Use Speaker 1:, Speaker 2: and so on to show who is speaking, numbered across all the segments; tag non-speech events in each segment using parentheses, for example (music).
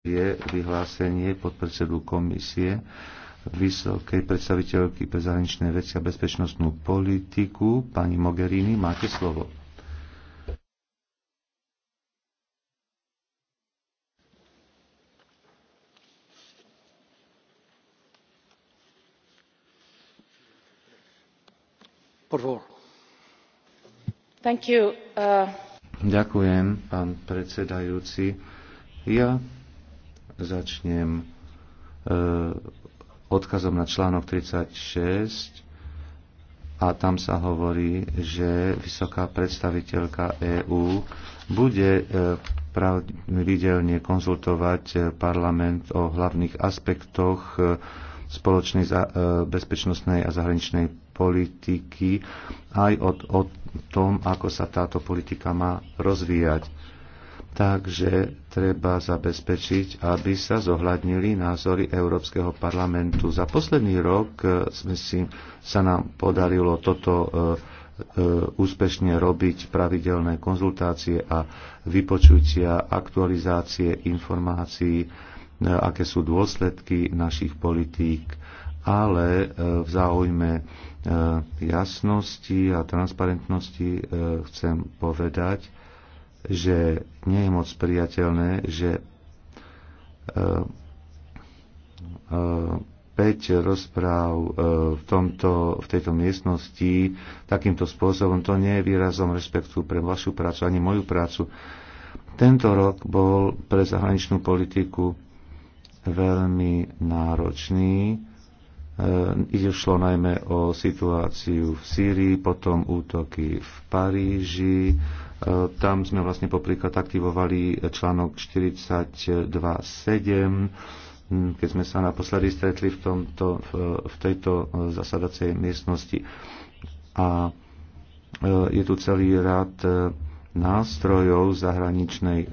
Speaker 1: je vyhlásenie podpredsedu komisie vysokej predstaviteľky pre zahraničné veci a bezpečnostnú politiku. Pani Mogherini, máte slovo. Thank you. Uh... Ďakujem, pán predsedajúci. Ja Začnem eh, odkazom na článok 36 a tam sa hovorí, že vysoká predstaviteľka EÚ bude eh, pravidelne konzultovať eh, parlament o hlavných aspektoch spoločnej bezpečnostnej a zahraničnej politiky aj o, o tom, ako sa táto politika má rozvíjať. Takže treba zabezpečiť, aby sa zohľadnili názory Európskeho parlamentu. Za posledný rok e, sme si, sa nám podarilo toto e, e, úspešne robiť pravidelné konzultácie a vypočutia, aktualizácie informácií, aké sú dôsledky našich politík, ale v záujme jasnosti a transparentnosti chcem povedať, že nie je moc priateľné, že 5 eh, eh, rozpráv eh, v, tomto, v tejto miestnosti takýmto spôsobom, to nie je výrazom respektu pre vašu prácu ani moju prácu. Tento rok bol pre zahraničnú politiku veľmi náročný. Ide šlo najmä o situáciu v Sýrii, potom útoky v Paríži, E, tam sme vlastne popríklad aktivovali článok 42.7, keď sme sa naposledy stretli v, tomto, v tejto e, zasadacej miestnosti. A e, je tu celý rád nástrojov zahraničnej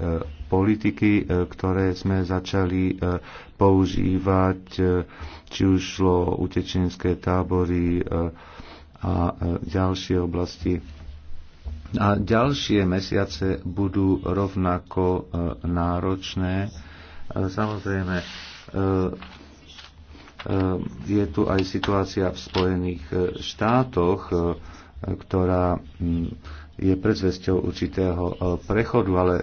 Speaker 1: politiky, ktoré sme začali používať, či už šlo utečenské tábory a ďalšie oblasti a ďalšie mesiace budú rovnako e, náročné. E, samozrejme, e, je tu aj situácia v Spojených štátoch, ktorá je predzvesťou určitého prechodu, ale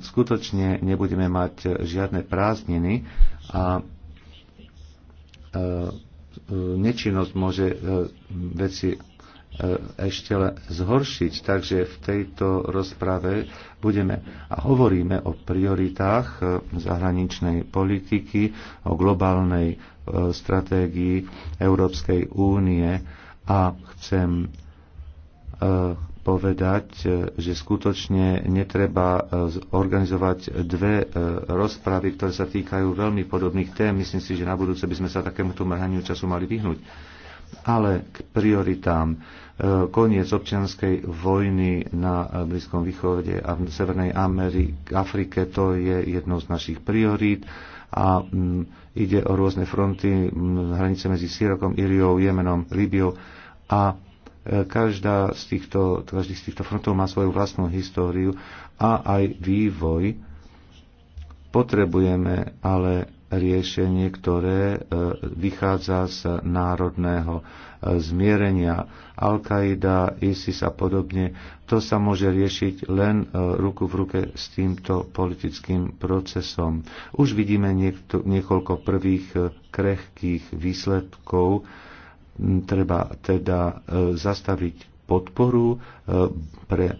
Speaker 1: skutočne nebudeme mať žiadne prázdniny a nečinnosť môže veci E, ešte len zhoršiť. Takže v tejto rozprave budeme a hovoríme o prioritách e, zahraničnej politiky, o globálnej e, stratégii Európskej únie a chcem povedať, že skutočne netreba organizovať dve rozpravy, ktoré sa týkajú veľmi podobných tém. Myslím si, že na budúce by sme sa takémuto mrhaniu času mali vyhnúť ale k prioritám. E, koniec občianskej vojny na Blízkom východe a v Severnej Amerike, Afrike, to je jedno z našich priorít a mm, ide o rôzne fronty, mm, hranice medzi Sýrokom, Iriou, Jemenom, Líbiou a e, každá z týchto, každý z týchto frontov má svoju vlastnú históriu a aj vývoj. Potrebujeme ale riešenie, ktoré e, vychádza z národného e, zmierenia. Al-Qaida, ISIS a podobne, to sa môže riešiť len e, ruku v ruke s týmto politickým procesom. Už vidíme niekto, niekoľko prvých krehkých výsledkov. Treba teda zastaviť podporu pre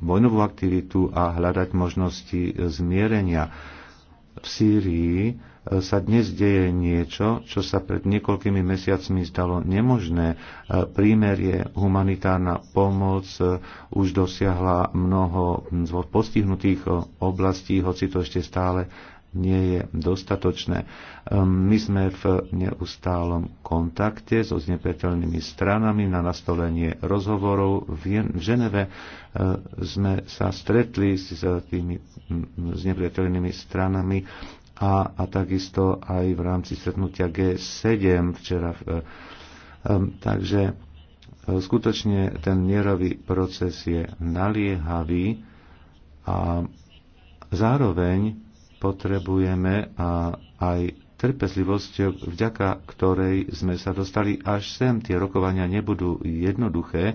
Speaker 1: vojnovú aktivitu a hľadať možnosti zmierenia v Sýrii e, sa dnes deje niečo, čo sa pred niekoľkými mesiacmi zdalo nemožné. E, prímer je humanitárna pomoc e, už dosiahla mnoho postihnutých oblastí, hoci to ešte stále nie je dostatočné. Ehm, my sme v neustálom kontakte so znepriateľnými stranami na nastolenie rozhovorov. V Ženeve ehm, sme sa stretli s tými znepetelnými stranami a, a takisto aj v rámci stretnutia G7 včera. Ehm, takže skutočne ten mierový proces je naliehavý a zároveň potrebujeme a aj trpezlivosť, vďaka ktorej sme sa dostali až sem. Tie rokovania nebudú jednoduché,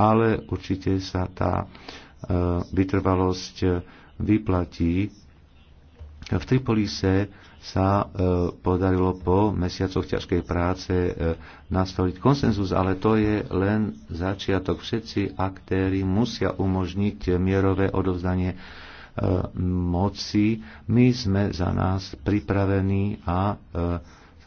Speaker 1: ale určite sa tá e, vytrvalosť vyplatí. V Tripolise sa e, podarilo po mesiacoch ťažkej práce e, nastoliť konsenzus, ale to je len začiatok. Všetci aktéry musia umožniť mierové odovzdanie moci. My sme za nás pripravení a e,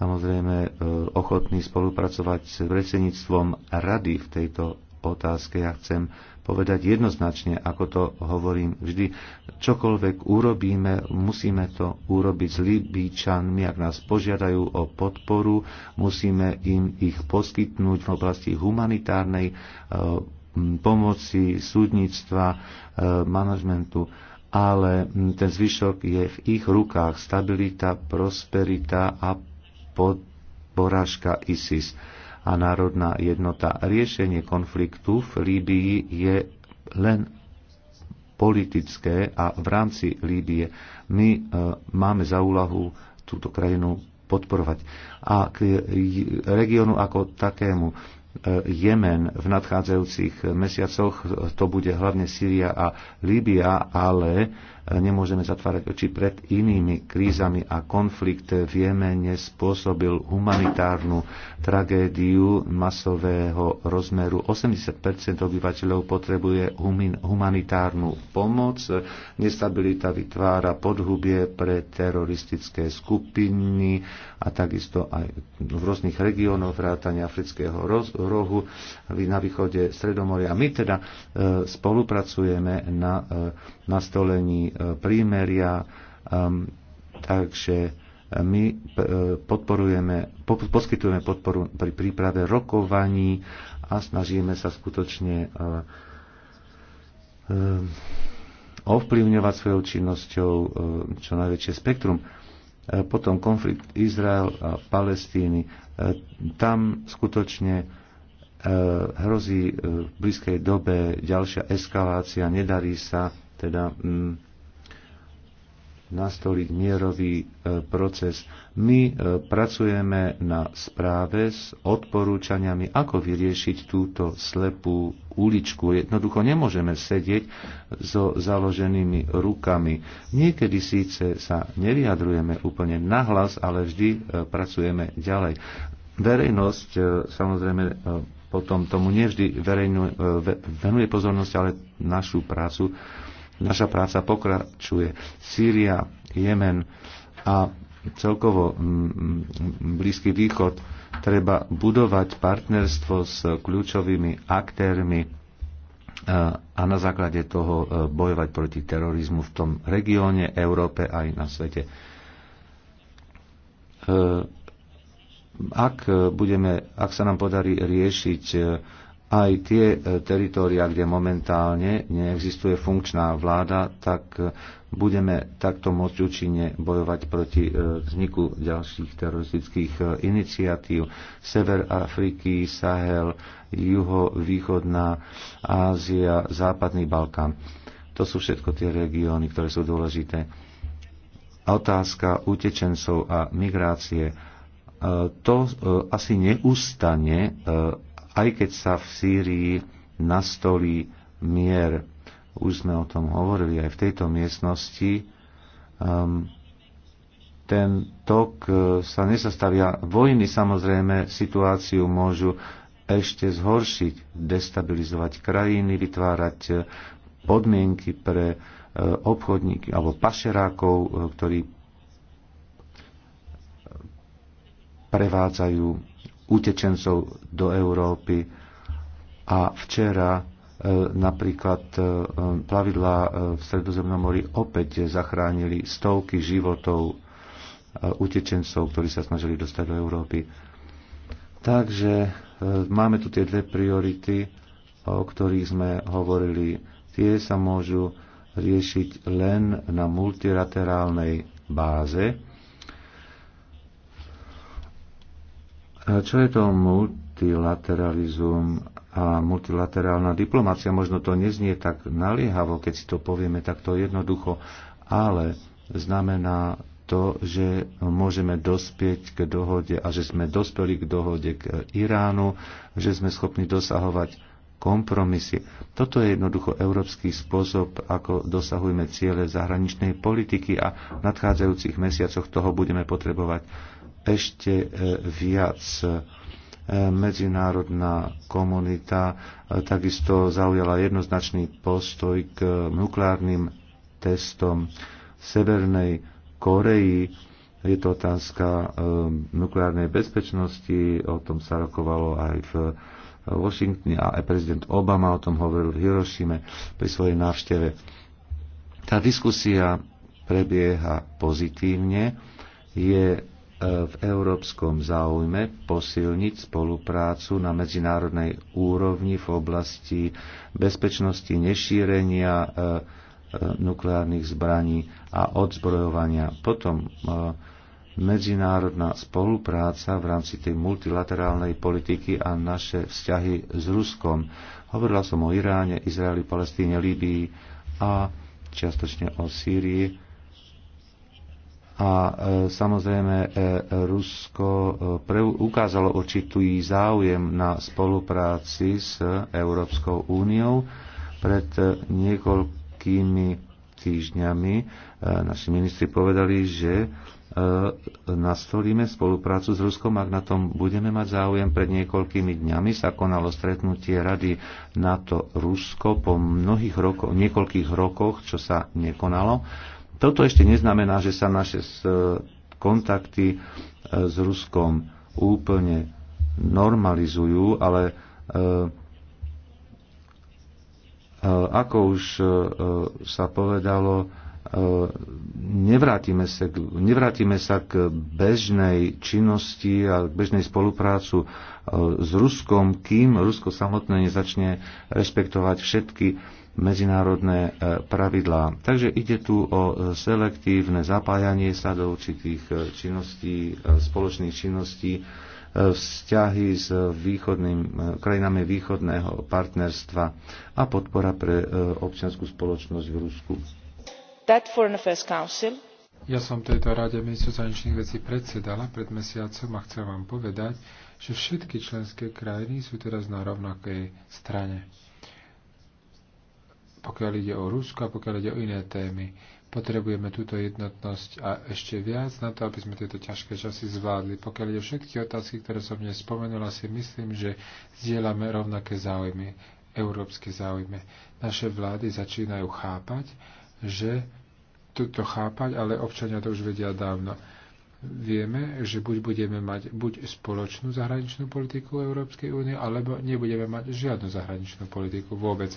Speaker 1: samozrejme e, ochotní spolupracovať s predsedníctvom rady v tejto otázke. Ja chcem povedať jednoznačne, ako to hovorím vždy. Čokoľvek urobíme, musíme to urobiť s Libíčanmi, ak nás požiadajú o podporu, musíme im ich poskytnúť v oblasti humanitárnej e, pomoci, súdnictva, manažmentu ale hm, ten zvyšok je v ich rukách. Stabilita, prosperita a poražka ISIS a národná jednota. Riešenie konfliktu v Líbii je len politické a v rámci Líbie my e, máme za úlahu túto krajinu podporovať. A k eh, regionu ako takému Jemen v nadchádzajúcich mesiacoch, to bude hlavne Sýria a Líbia, ale Nemôžeme zatvárať oči pred inými krízami a konflikt v Jemene spôsobil humanitárnu tragédiu masového rozmeru. 80 obyvateľov potrebuje humanitárnu pomoc. Nestabilita vytvára podhubie pre teroristické skupiny a takisto aj v rôznych regiónoch vrátania Afrického rohu na východe Stredomoria. My teda e, spolupracujeme na e, nastolení e, prímeria. E, takže my e, podporujeme, poskytujeme podporu pri príprave rokovaní a snažíme sa skutočne ovplyvňovať svojou činnosťou čo najväčšie spektrum. Potom konflikt Izrael a Palestíny. Tam skutočne hrozí v blízkej dobe ďalšia eskalácia, nedarí sa teda m, mm, nastoliť mierový e, proces. My e, pracujeme na správe s odporúčaniami, ako vyriešiť túto slepú uličku. Jednoducho nemôžeme sedieť so založenými rukami. Niekedy síce sa nevyjadrujeme úplne nahlas, ale vždy e, pracujeme ďalej. Verejnosť e, samozrejme e, potom tomu nevždy verejnú, e, venuje pozornosť, ale našu prácu Naša práca pokračuje. Sýria, Jemen a celkovo mm, mm, Blízky východ treba budovať partnerstvo s kľúčovými aktérmi e, a na základe toho e, bojovať proti terorizmu v tom regióne, Európe aj na svete. E, ak, budeme, ak sa nám podarí riešiť aj tie e, teritória, kde momentálne neexistuje funkčná vláda, tak e, budeme takto môcť účinne bojovať proti e, vzniku ďalších teroristických iniciatív. Sever Afriky, Sahel, juho-východná Ázia, západný Balkán. To sú všetko tie regióny, ktoré sú dôležité. Otázka utečencov a migrácie to asi neustane aj keď sa v Sýrii nastolí mier. Už sme o tom hovorili aj v tejto miestnosti. Um, ten tok uh, sa nezastavia. Vojny samozrejme situáciu môžu ešte zhoršiť, destabilizovať krajiny, vytvárať uh, podmienky pre uh, obchodníky alebo pašerákov, ktorí prevádzajú utečencov do Európy. A včera e, napríklad e, plavidla e, v Stredozemnom mori opäť zachránili stovky životov utečencov, ktorí sa snažili dostať do Európy. Takže máme tu tie dve priority, o ktorých sme hovorili. Tie sa môžu riešiť len na multilaterálnej báze Čo je to multilateralizum a multilaterálna diplomácia? Možno to neznie tak naliehavo, keď si to povieme takto jednoducho, ale znamená to, že môžeme dospieť k dohode a že sme dospeli k dohode k Iránu, že sme schopní dosahovať kompromisy. Toto je jednoducho európsky spôsob, ako dosahujeme ciele zahraničnej politiky a v nadchádzajúcich mesiacoch toho budeme potrebovať ešte e, viac e, medzinárodná komunita e, takisto zaujala jednoznačný postoj k nukleárnym testom Severnej Koreji. Je to otázka nukleárnej bezpečnosti, o tom sa rokovalo aj v Washingtone a aj prezident Obama o tom hovoril v Hirošime pri svojej návšteve. Tá diskusia prebieha pozitívne, je v európskom záujme posilniť spoluprácu na medzinárodnej úrovni v oblasti bezpečnosti nešírenia e, e, nukleárnych zbraní a odzbrojovania. Potom e, medzinárodná spolupráca v rámci tej multilaterálnej politiky a naše vzťahy s Ruskom. Hovorila som o Iráne, Izraeli, Palestíne, Líbii a čiastočne o Sýrii a e, samozrejme e, Rusko e, ukázalo určitý záujem na spolupráci s Európskou úniou. Pred niekoľkými týždňami naši ministri povedali, že nastolíme spoluprácu s Ruskom, ak na tom budeme mať záujem. Pred niekoľkými dňami sa konalo stretnutie Rady NATO-Rusko po mnohých rokoch, niekoľkých rokoch, čo sa nekonalo. Toto ešte neznamená, že sa naše e, kontakty e, s Ruskom úplne normalizujú, ale e, ako už sa povedalo, nevrátime sa, k, nevrátime sa k bežnej činnosti a k bežnej spoluprácu s Ruskom, kým Rusko samotné nezačne rešpektovať všetky medzinárodné e, pravidlá. Takže ide tu o selektívne zapájanie sa do určitých e, činností, e, spoločných činností, vzťahy s východným, krajinami východného partnerstva a podpora pre občianskú spoločnosť v Rusku.
Speaker 2: Ja som tejto rade ministrov zahraničných vecí predsedala pred mesiacom a chcem vám povedať, že všetky členské krajiny sú teraz na rovnakej strane pokiaľ ide o Rusko a pokiaľ ide o iné témy. Potrebujeme túto jednotnosť a ešte viac na to, aby sme tieto ťažké časy zvládli. Pokiaľ ide o všetky otázky, ktoré som dnes spomenula, si myslím, že zdieľame rovnaké záujmy, európske záujmy. Naše vlády začínajú chápať, že túto chápať, ale občania to už vedia dávno. Vieme, že buď budeme mať buď spoločnú zahraničnú politiku Európskej únie, alebo nebudeme mať žiadnu zahraničnú politiku vôbec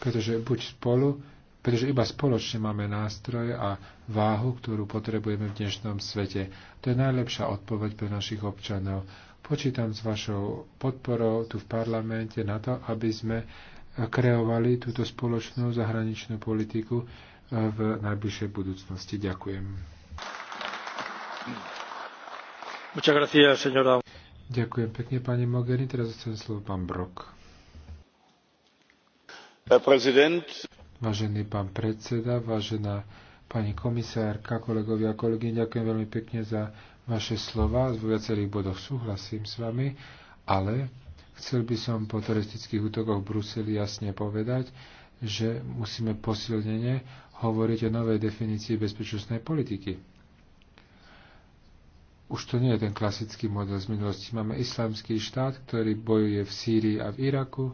Speaker 2: pretože buď spolu, pretože iba spoločne máme nástroje a váhu, ktorú potrebujeme v dnešnom svete. To je najlepšia odpoveď pre našich občanov. Počítam s vašou podporou tu v parlamente na to, aby sme kreovali túto spoločnú zahraničnú politiku e, v najbližšej budúcnosti. Ďakujem. Ďakujem pekne, pani Mogherini. Teraz chcem slovo pán Brok. Vážený pán predseda, vážená pani komisárka, kolegovia a kolegyne, ďakujem veľmi pekne za vaše slova. V viacerých bodoch súhlasím s vami, ale chcel by som po teroristických útokoch v Bruseli jasne povedať, že musíme posilnene hovoriť o novej definícii bezpečnostnej politiky. Už to nie je ten klasický model z minulosti. Máme islamský štát, ktorý bojuje v Sýrii a v Iraku,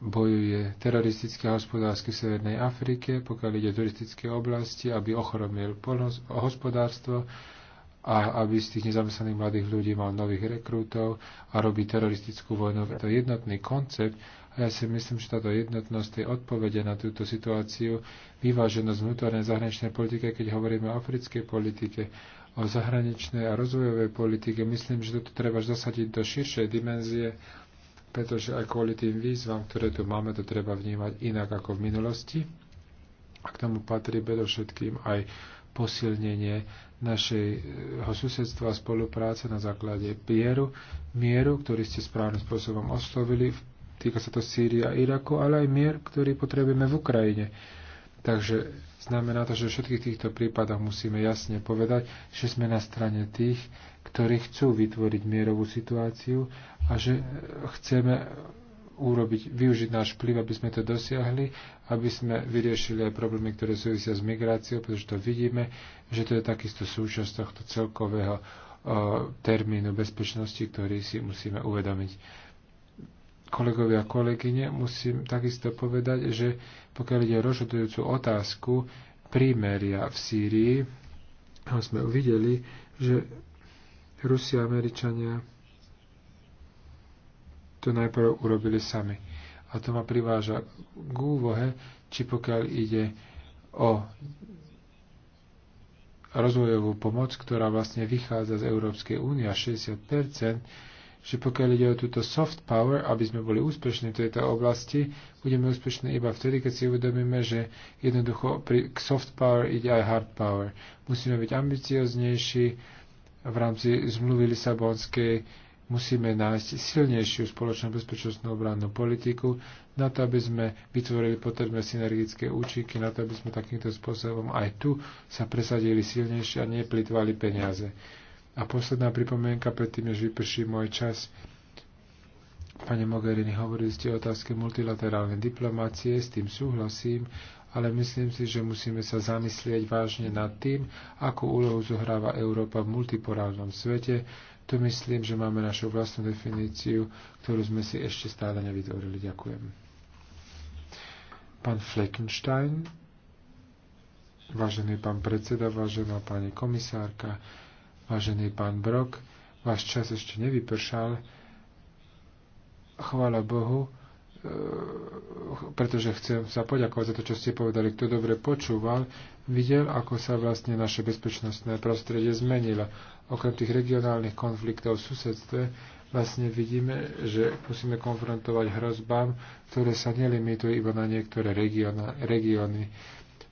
Speaker 2: bojuje teroristické a hospodársky v Severnej Afrike, pokiaľ ide turistické oblasti, aby ochoromil hospodárstvo a aby z tých nezamestnaných mladých ľudí mal nových rekrútov a robí teroristickú vojnu. To je jednotný koncept a ja si myslím, že táto jednotnosť tej odpovede na túto situáciu, vyváženosť vnútornej zahraničnej politike, keď hovoríme o africkej politike, o zahraničnej a rozvojovej politike, myslím, že toto treba zasadiť do širšej dimenzie pretože aj kvôli tým výzvam, ktoré tu máme, to treba vnímať inak ako v minulosti. A k tomu patrí predovšetkým aj posilnenie našeho susedstva a spolupráce na základe pieru, mieru, ktorý ste správnym spôsobom oslovili. Týka sa to Sýrie a Iraku, ale aj mier, ktorý potrebujeme v Ukrajine. Takže Znamená to, že v všetkých týchto prípadoch musíme jasne povedať, že sme na strane tých, ktorí chcú vytvoriť mierovú situáciu a že e, chceme urobiť, využiť náš vplyv, aby sme to dosiahli, aby sme vyriešili aj problémy, ktoré súvisia s migráciou, pretože to vidíme, že to je takisto súčasť tohto celkového e, termínu bezpečnosti, ktorý si musíme uvedomiť kolegovia a kolegyne, musím takisto povedať, že pokiaľ ide o rozhodujúcu otázku prímeria v Sýrii, sme uvideli, že Rusi a Američania to najprv urobili sami. A to ma priváža k úvohe, či pokiaľ ide o rozvojovú pomoc, ktorá vlastne vychádza z Európskej únie a 60 že pokiaľ ide o túto soft power, aby sme boli úspešní v tejto oblasti, budeme úspešní iba vtedy, keď si uvedomíme, že jednoducho pri soft power ide aj hard power. Musíme byť ambicioznejší v rámci zmluvy Lisabonskej, musíme nájsť silnejšiu spoločnú bezpečnostnú obrannú politiku, na to, aby sme vytvorili potrebné synergické účinky, na to, aby sme takýmto spôsobom aj tu sa presadili silnejšie a neplitvali peniaze. A posledná pripomienka, predtým, než vyprší môj čas, Pane Mogherini, hovorili ste o otázke multilaterálnej diplomácie, s tým súhlasím, ale myslím si, že musíme sa zamyslieť vážne nad tým, akú úlohu zohráva Európa v multiporálnom svete. to myslím, že máme našu vlastnú definíciu, ktorú sme si ešte stále nevytvorili. Ďakujem. Pán Fleckenstein, vážený pán predseda, vážená pani komisárka, Vážený pán Brok, váš čas ešte nevypršal. Chvála Bohu, e, pretože chcem sa poďakovať za to, čo ste povedali. Kto dobre počúval, videl, ako sa vlastne naše bezpečnostné prostredie zmenilo. Okrem tých regionálnych konfliktov v susedstve vlastne vidíme, že musíme konfrontovať hrozbám, ktoré sa nelimitujú iba na niektoré regióny,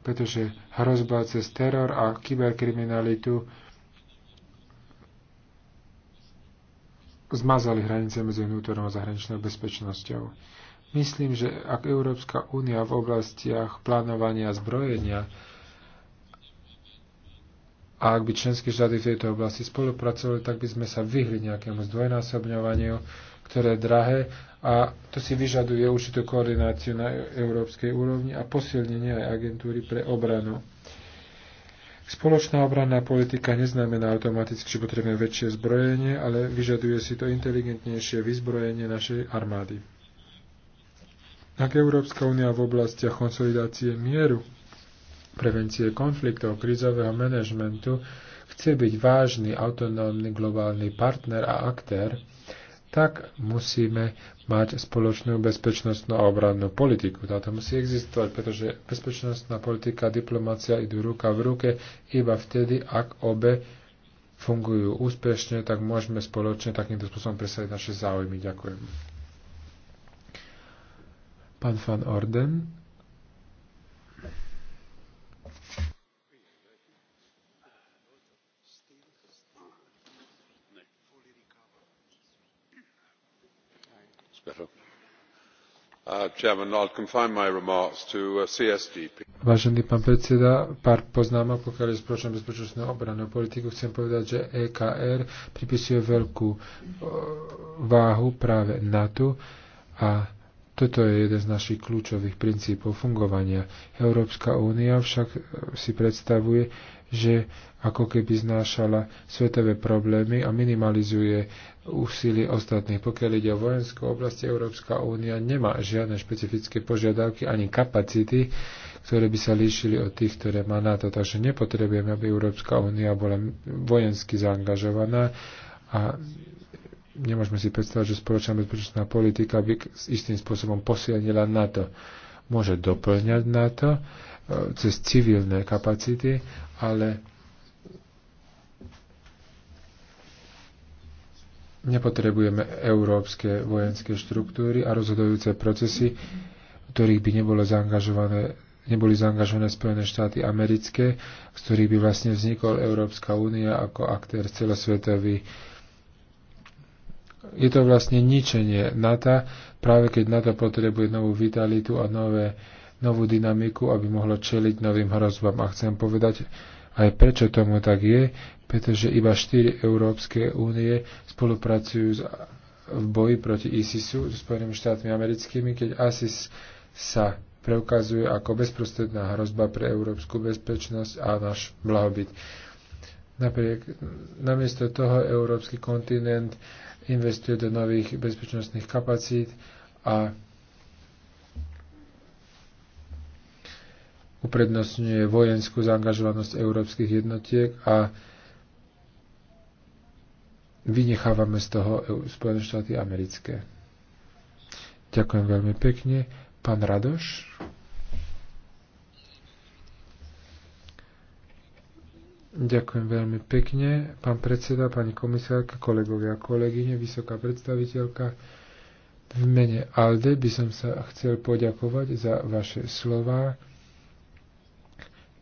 Speaker 2: pretože hrozba cez teror a kyberkriminalitu zmazali hranice medzi vnútornou a zahraničnou bezpečnosťou. Myslím, že ak Európska únia v oblastiach plánovania a zbrojenia a ak by členské štáty v tejto oblasti spolupracovali, tak by sme sa vyhli nejakému zdvojnásobňovaniu, ktoré je drahé a to si vyžaduje určitú koordináciu na európskej úrovni a posilnenie aj agentúry pre obranu. Spoločná obranná politika neznamená automaticky, že potrebujeme väčšie zbrojenie, ale vyžaduje si to inteligentnejšie vyzbrojenie našej armády. Ak Európska únia v oblastiach konsolidácie mieru, prevencie konfliktov, krízového manažmentu chce byť vážny autonómny globálny partner a aktér, tak musíme mať spoločnú bezpečnostnú a obrannú politiku. Táto musí existovať, pretože bezpečnostná politika a diplomácia idú ruka v ruke iba vtedy, ak obe fungujú úspešne, tak môžeme spoločne takýmto spôsobom presadiť naše záujmy. Ďakujem. Pán Van Orden. Uh, uh, Vážený pán predseda, pár poznámok, pokiaľ je spoločnú bezpečnostnú obranu politiku. Chcem povedať, že EKR pripisuje veľkú uh, váhu práve NATO a toto je jeden z našich kľúčových princípov fungovania. Európska únia však si predstavuje, že ako keby znášala svetové problémy a minimalizuje úsilie ostatných. Pokiaľ ide o vojenskú oblasti, Európska únia nemá žiadne špecifické požiadavky ani kapacity, ktoré by sa líšili od tých, ktoré má NATO. Takže nepotrebujeme, aby Európska únia bola vojensky zaangažovaná a nemôžeme si predstaviť, že spoločná bezpečnostná politika by istým spôsobom posilnila NATO. Môže doplňať NATO, cez civilné kapacity, ale nepotrebujeme európske vojenské štruktúry a rozhodujúce procesy, v ktorých by nebolo zaangažované neboli zaangažované Spojené štáty americké, z ktorých by vlastne vznikol Európska únia ako aktér celosvetový. Je to vlastne ničenie NATO, práve keď NATO potrebuje novú vitalitu a nové uh, novú dynamiku, aby mohlo čeliť novým hrozbám. A chcem povedať aj prečo tomu tak je, pretože iba 4 Európske únie spolupracujú s, v boji proti ISISu s Spojenými štátmi americkými, keď ISIS sa preukazuje ako bezprostredná hrozba pre európsku bezpečnosť a náš blahobyt. Napriek, namiesto toho európsky kontinent investuje do nových bezpečnostných kapacít a uprednostňuje vojenskú zaangažovanosť európskych jednotiek a vynechávame z toho e Spojené štáty americké. Ďakujem veľmi pekne. Pán Radoš. Ďakujem veľmi pekne. Pán predseda, pani komisárka, kolegovia a kolegyne, vysoká predstaviteľka, v mene ALDE by som sa chcel poďakovať za vaše slova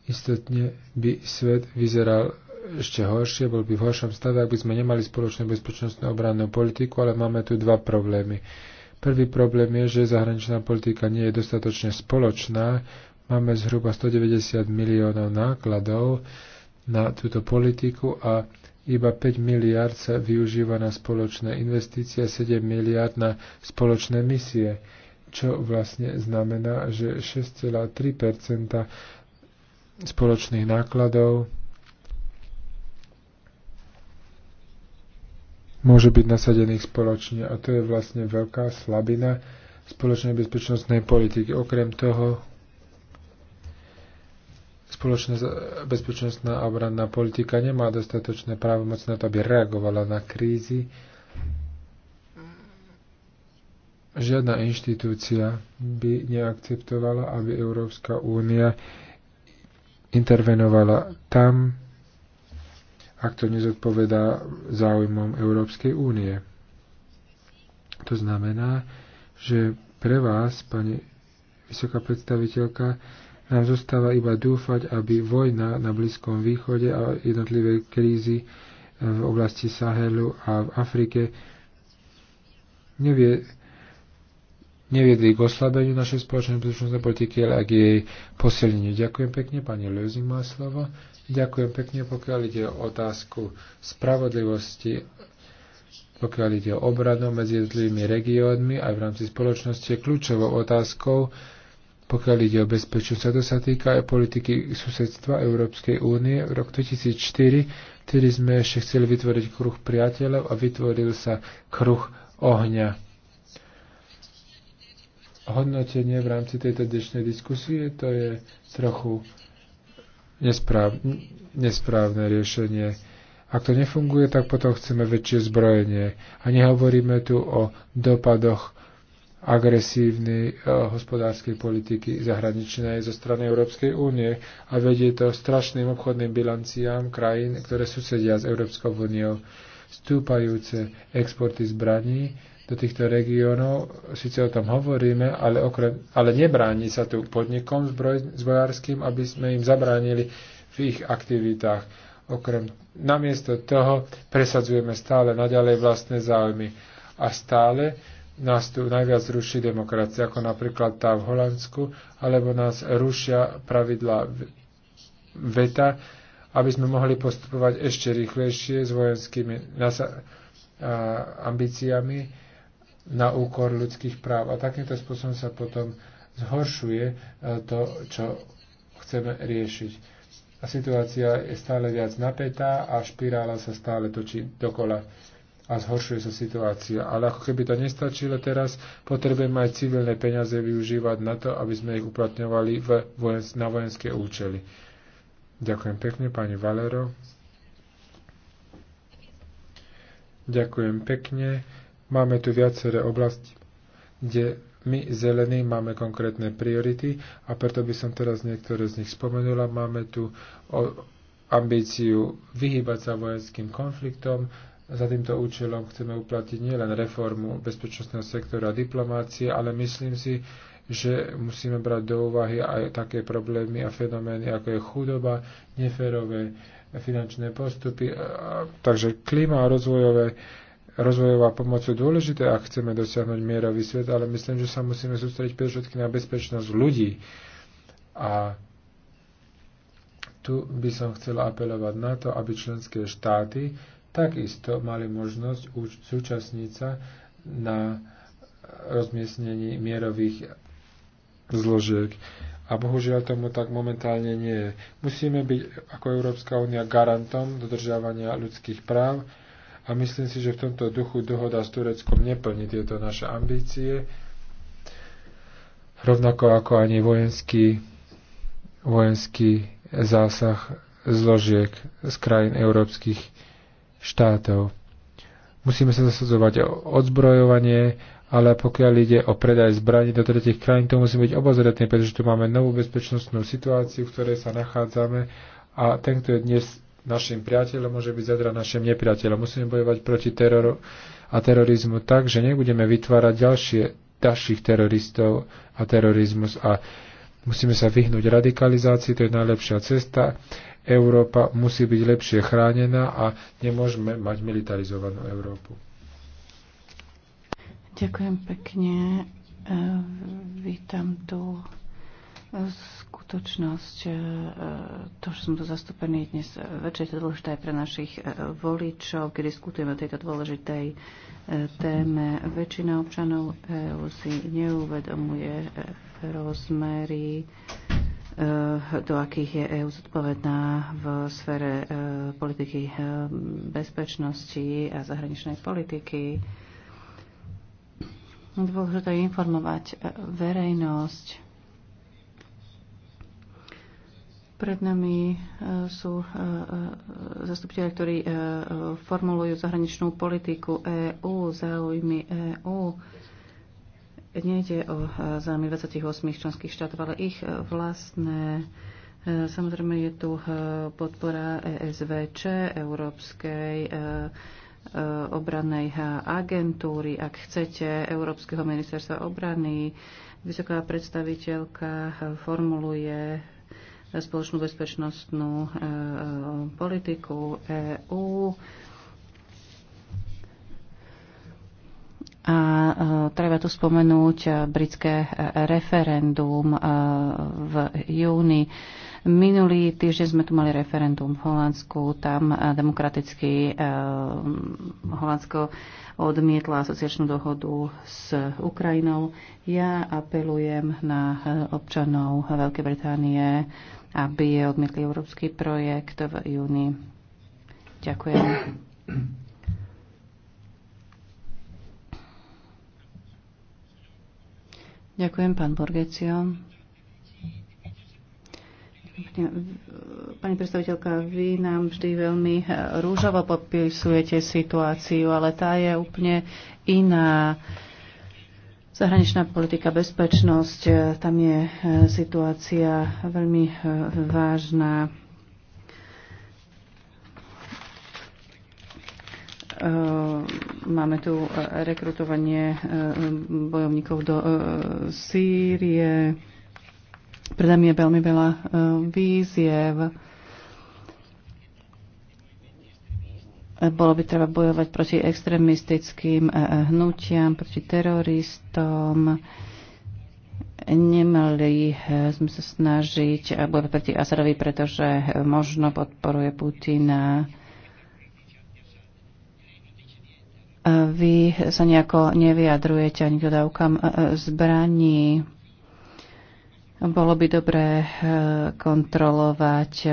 Speaker 2: Istotne by svet vyzeral ešte horšie, bol by v horšom stave, ak by sme nemali spoločnú bezpečnostnú obrannú politiku, ale máme tu dva problémy. Prvý problém je, že zahraničná politika nie je dostatočne spoločná. Máme zhruba 190 miliónov nákladov na túto politiku a iba 5 miliard sa využíva na spoločné investície, 7 miliard na spoločné misie, čo vlastne znamená, že 6,3 spoločných nákladov môže byť nasadených spoločne. A to je vlastne veľká slabina spoločnej bezpečnostnej politiky. Okrem toho, spoločná bezpečnostná a obranná politika nemá dostatočné právomoc na to, aby reagovala na krízy. Žiadna inštitúcia by neakceptovala, aby Európska únia intervenovala tam, ak to nezodpovedá záujmom Európskej únie. To znamená, že pre vás, pani vysoká predstaviteľka, nám zostáva iba dúfať, aby vojna na Blízkom východe a jednotlivé krízy eh, v oblasti Sahelu a v Afrike nevie neviedli k oslabeniu našej spoločnej bezpečnostnej politiky, ale aj k jej posilneniu. Ďakujem pekne, pani Lözing má slovo. Ďakujem pekne, pokiaľ ide o otázku spravodlivosti, pokiaľ ide o obranu medzi jednotlivými regiónmi aj v rámci spoločnosti je kľúčovou otázkou, pokiaľ ide o bezpečnosť. A to sa týka aj politiky susedstva Európskej únie. V roku 2004, vtedy sme ešte chceli vytvoriť kruh priateľov a vytvoril sa kruh ohňa hodnotenie v rámci tejto dnešnej diskusie, to je trochu nespráv, nesprávne riešenie. Ak to nefunguje, tak potom chceme väčšie zbrojenie. A nehovoríme tu o dopadoch agresívnej eh, hospodárskej politiky zahraničnej zo strany Európskej únie a vedie to strašným obchodným bilanciám krajín, ktoré susedia s Európskou úniou, stúpajúce exporty zbraní, do týchto regiónov, síce o tom hovoríme, ale, okrem, ale nebráni sa tu podnikom zbroj, zbrojárským, aby sme im zabránili v ich aktivitách. Okrem, namiesto toho presadzujeme stále naďalej vlastné záujmy a stále nás tu najviac ruší demokracia, ako napríklad tá v Holandsku, alebo nás rušia pravidla VETA, aby sme mohli postupovať ešte rýchlejšie s vojenskými ambíciami na úkor ľudských práv. A takýmto spôsobom sa potom zhoršuje e, to, čo chceme riešiť. A situácia je stále viac napätá a špirála sa stále točí dokola a zhoršuje sa situácia. Ale ako keby to nestačilo teraz, potrebujeme aj civilné peniaze využívať na to, aby sme ich uplatňovali v vojens- na vojenské účely. Ďakujem pekne, pani Valero. Ďakujem pekne. Máme tu viaceré oblasti, kde my zelení máme konkrétne priority a preto by som teraz niektoré z nich spomenula. Máme tu ambíciu vyhybať sa vojenským konfliktom, za týmto účelom chceme uplatiť nielen reformu bezpečnostného sektora a diplomácie, ale myslím si, že musíme brať do úvahy aj také problémy a fenomény, ako je chudoba, neférové finančné postupy. Takže klíma a rozvojové rozvojová pomoc sú dôležité, ak chceme dosiahnuť mierový svet, ale myslím, že sa musíme sústrediť predovšetkým na bezpečnosť ľudí. A tu by som chcela apelovať na to, aby členské štáty takisto mali možnosť zúčastniť sa na rozmiestnení mierových zložiek. A bohužiaľ tomu tak momentálne nie je. Musíme byť ako Európska únia garantom dodržiavania ľudských práv a myslím si, že v tomto duchu dohoda s Tureckom neplní tieto naše ambície, rovnako ako ani vojenský, vojenský zásah zložiek z krajín európskych štátov. Musíme sa zasadzovať o odzbrojovanie, ale pokiaľ ide o predaj zbraní do tretich krajín, to musí byť obozretné, pretože tu máme novú bezpečnostnú situáciu, v ktorej sa nachádzame a ten, kto je dnes našim priateľom, môže byť zadra našim nepriateľom. Musíme bojovať proti teroru a terorizmu tak, že nebudeme vytvárať ďalšie ďalších teroristov a terorizmus a musíme sa vyhnúť radikalizácii, to je najlepšia cesta. Európa musí byť lepšie chránená a nemôžeme mať militarizovanú Európu.
Speaker 3: Ďakujem pekne. E, vítam tu skutočnosť, e, to, že sme tu zastúpení dnes e, večer, je to dôležité aj pre našich e, voličov, keď diskutujeme o tejto dôležitej téme. Väčšina občanov EU si neuvedomuje rozmery, do akých je EU zodpovedná v sfere politiky bezpečnosti a zahraničnej politiky. Dôležité je informovať verejnosť Pred nami e, sú e, e, zastupiteľe, ktorí formulujú zahraničnú politiku EÚ, záujmy EÚ. Nejde o záujmy 28 členských štátov, ale ich vlastné. Samozrejme je tu podpora ESVČ, Európskej obrannej agentúry, ak chcete, Európskeho ministerstva obrany. Vysoká predstaviteľka formuluje spoločnú bezpečnostnú e, e, politiku EÚ. A e, treba tu spomenúť britské referendum v júni. Minulý týždeň sme tu mali referendum v Holandsku, tam demokraticky Holandsko odmietla asociačnú dohodu s Ukrajinou. Ja apelujem na občanov Veľkej Británie, aby odmietli európsky projekt v júni. Ďakujem. Ďakujem, pán Borgecio. Pani predstaviteľka, vy nám vždy veľmi eh, rúžovo popisujete situáciu, ale tá je úplne iná Zahraničná politika, bezpečnosť, e, tam je e, situácia veľmi e, vážna. Máme tu rekrutovanie bojovníkov do Sýrie. Pred nami je veľmi veľa víziev Bolo by treba bojovať proti extrémistickým eh, eh, hnutiam, proti teroristom. Nemali eh, sme sa snažiť bojovať proti Asadovi, pretože možno podporuje Putina. Vy sa nejako nevyjadrujete ani k dodávkam zbraní bolo by dobré e, kontrolovať e,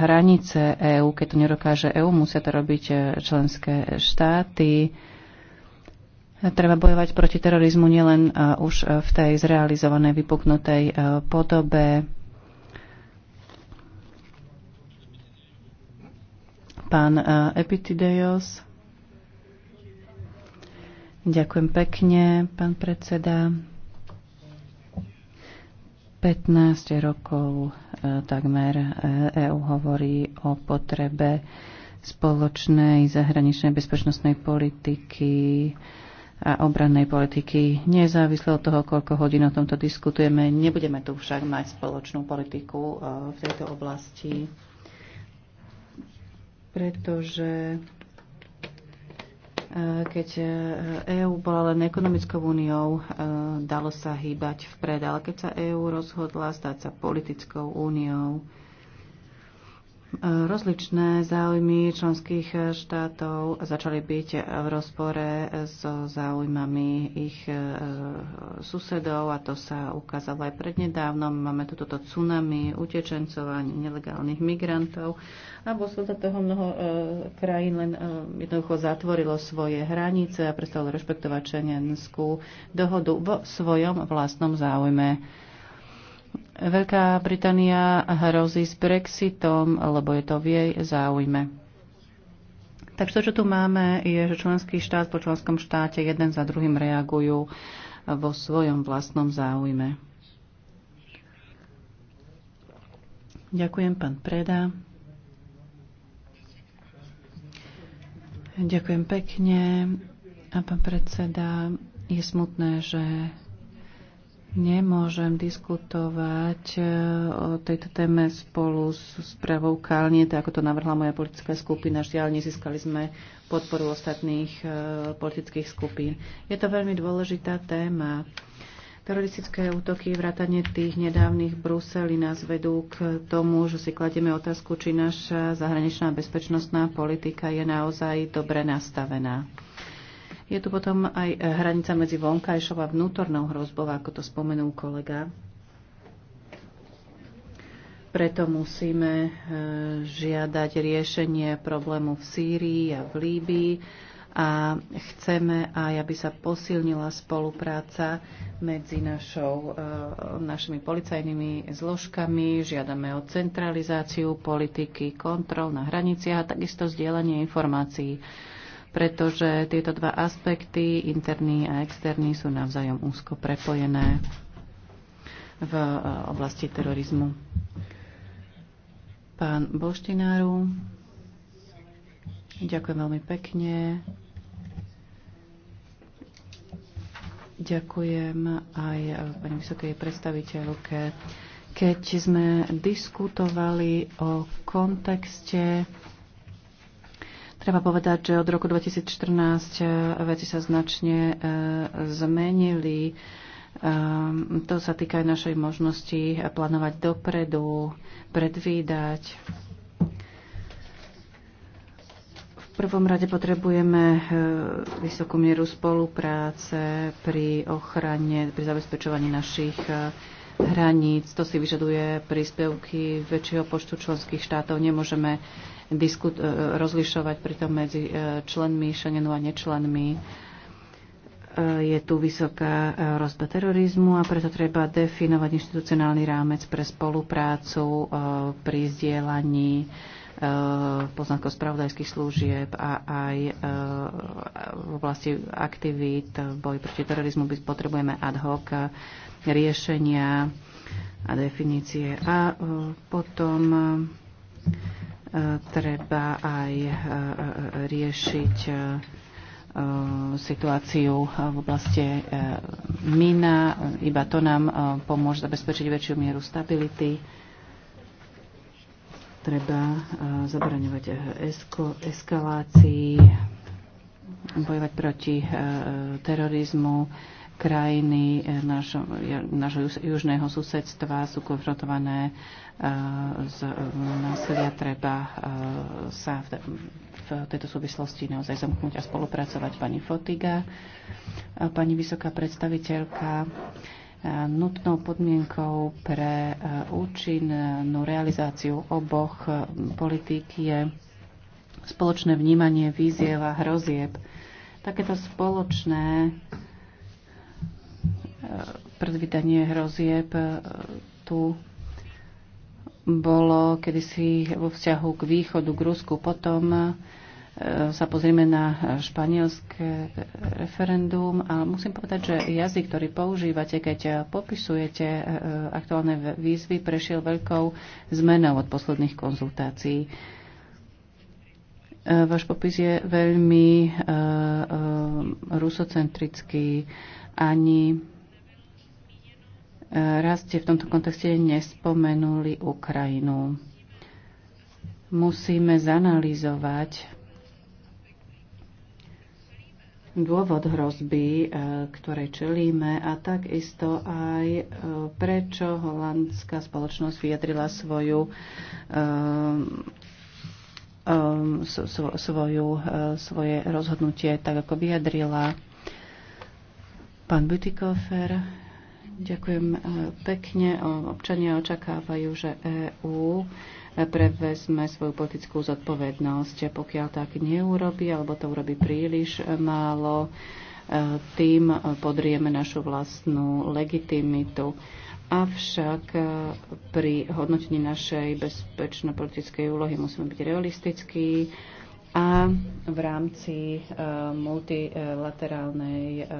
Speaker 3: hranice EÚ, keď to nedokáže EÚ, musia to robiť e, členské štáty. Treba bojovať proti terorizmu nielen už v tej zrealizovanej, vypuknutej podobe. Pán Epitideos. Ďakujem pekne, pán predseda. 15 rokov e, takmer EÚ e hovorí o potrebe spoločnej zahraničnej bezpečnostnej politiky a obrannej politiky. Nezávisle od toho, koľko hodín o tomto diskutujeme, nebudeme tu však mať spoločnú politiku e, v tejto oblasti, pretože keď EÚ e bola len ekonomickou úniou, e, dalo sa hýbať vpred, ale keď sa EÚ rozhodla stať sa politickou úniou, Rozličné záujmy členských štátov začali byť v rozpore so záujmami ich e, susedov a to sa ukázalo aj prednedávnom. Máme tu toto tsunami utečencov a nelegálnych migrantov a dôsledok toho mnoho e, krajín len e, jednoducho zatvorilo svoje hranice a prestalo rešpektovať Čenenskú dohodu vo svojom vlastnom záujme. Veľká Británia hrozí s Brexitom, lebo je to v jej záujme. Takže to, čo tu máme, je, že členský štát po členskom štáte jeden za druhým reagujú vo svojom vlastnom záujme. Ďakujem, pán Preda. Ďakujem pekne. A pán predseda, je smutné, že Nemôžem diskutovať e, o tejto téme spolu s správou tak ako to navrhla moja politická skupina. Žiaľ, nezískali sme podporu ostatných e, politických skupín. Je to veľmi dôležitá téma. Teroristické útoky, vrátanie tých nedávnych Bruseli nás vedú k tomu, že si kladieme otázku, či naša zahraničná bezpečnostná politika je naozaj dobre nastavená. Je tu potom aj hranica medzi vonkajšou a vnútornou hrozbou, ako to spomenul kolega. Preto musíme e, žiadať riešenie problému v Sýrii a v Líbii a chceme aj, aby sa posilnila spolupráca medzi našou, e, našimi policajnými zložkami. Žiadame o centralizáciu politiky, kontrol na hraniciach a takisto zdieľanie informácií pretože tieto dva aspekty, interný a externý, sú navzájom úzko prepojené v e, oblasti terorizmu. Pán Boštináru, ďakujem veľmi pekne. Ďakujem aj pani vysokej predstaviteľke. Keď sme diskutovali o kontexte Treba povedať, že od roku 2014 e, veci sa značne e, zmenili. E, to sa týka aj našej možnosti plánovať dopredu, predvídať. V prvom rade potrebujeme vysokú mieru spolupráce pri ochrane, pri zabezpečovaní našich hraníc. To si vyžaduje príspevky väčšieho počtu členských štátov. Nemôžeme diskut- e, rozlišovať pritom medzi e, členmi Schengenu a nečlenmi. E, je tu vysoká rozba terorizmu a preto treba definovať inštitucionálny rámec pre spoluprácu pri zdieľaní poznatkov spravodajských služieb a aj v oblasti aktivít v boji proti terorizmu by potrebujeme ad hoc riešenia a definície. A potom treba aj e, e, riešiť e, situáciu v oblasti mina. Iba to nám pomôže zabezpečiť väčšiu mieru stability. Treba zabraňovať eskalácii, bojovať proti terorizmu krajiny eh, nášho, južného susedstva sú konfrontované z eh, eh, násilia. Treba sa v, v tejto súvislosti naozaj zamknúť a spolupracovať pani Fotiga, pani vysoká predstaviteľka. Nutnou podmienkou pre účinnú realizáciu oboch politík je spoločné vnímanie víziev a hrozieb. Takéto spoločné predvídanie hrozieb e, tu bolo kedysi vo vzťahu k východu, k Rusku. Potom e, sa pozrieme na španielské referendum a musím povedať, že jazyk, ktorý používate, keď popisujete e, aktuálne výzvy, prešiel veľkou zmenou od posledných konzultácií. Váš popis je veľmi rusocentrický. Ani Raz ste v tomto kontexte nespomenuli Ukrajinu. Musíme zanalizovať dôvod hrozby, e, ktorej čelíme a takisto aj e, prečo holandská spoločnosť vyjadrila svoju, e, svoju, svoje rozhodnutie tak, ako vyjadrila. Pán Butikofer, Ďakujem e, pekne. Občania očakávajú, že EÚ e, prevezme svoju politickú zodpovednosť. Pokiaľ tak neurobi, alebo to urobi príliš e, málo, tým podrieme našu vlastnú legitimitu. Avšak pri hodnotení našej bezpečno-politickej úlohy musíme byť realistickí a v rámci e, multilaterálnej, e,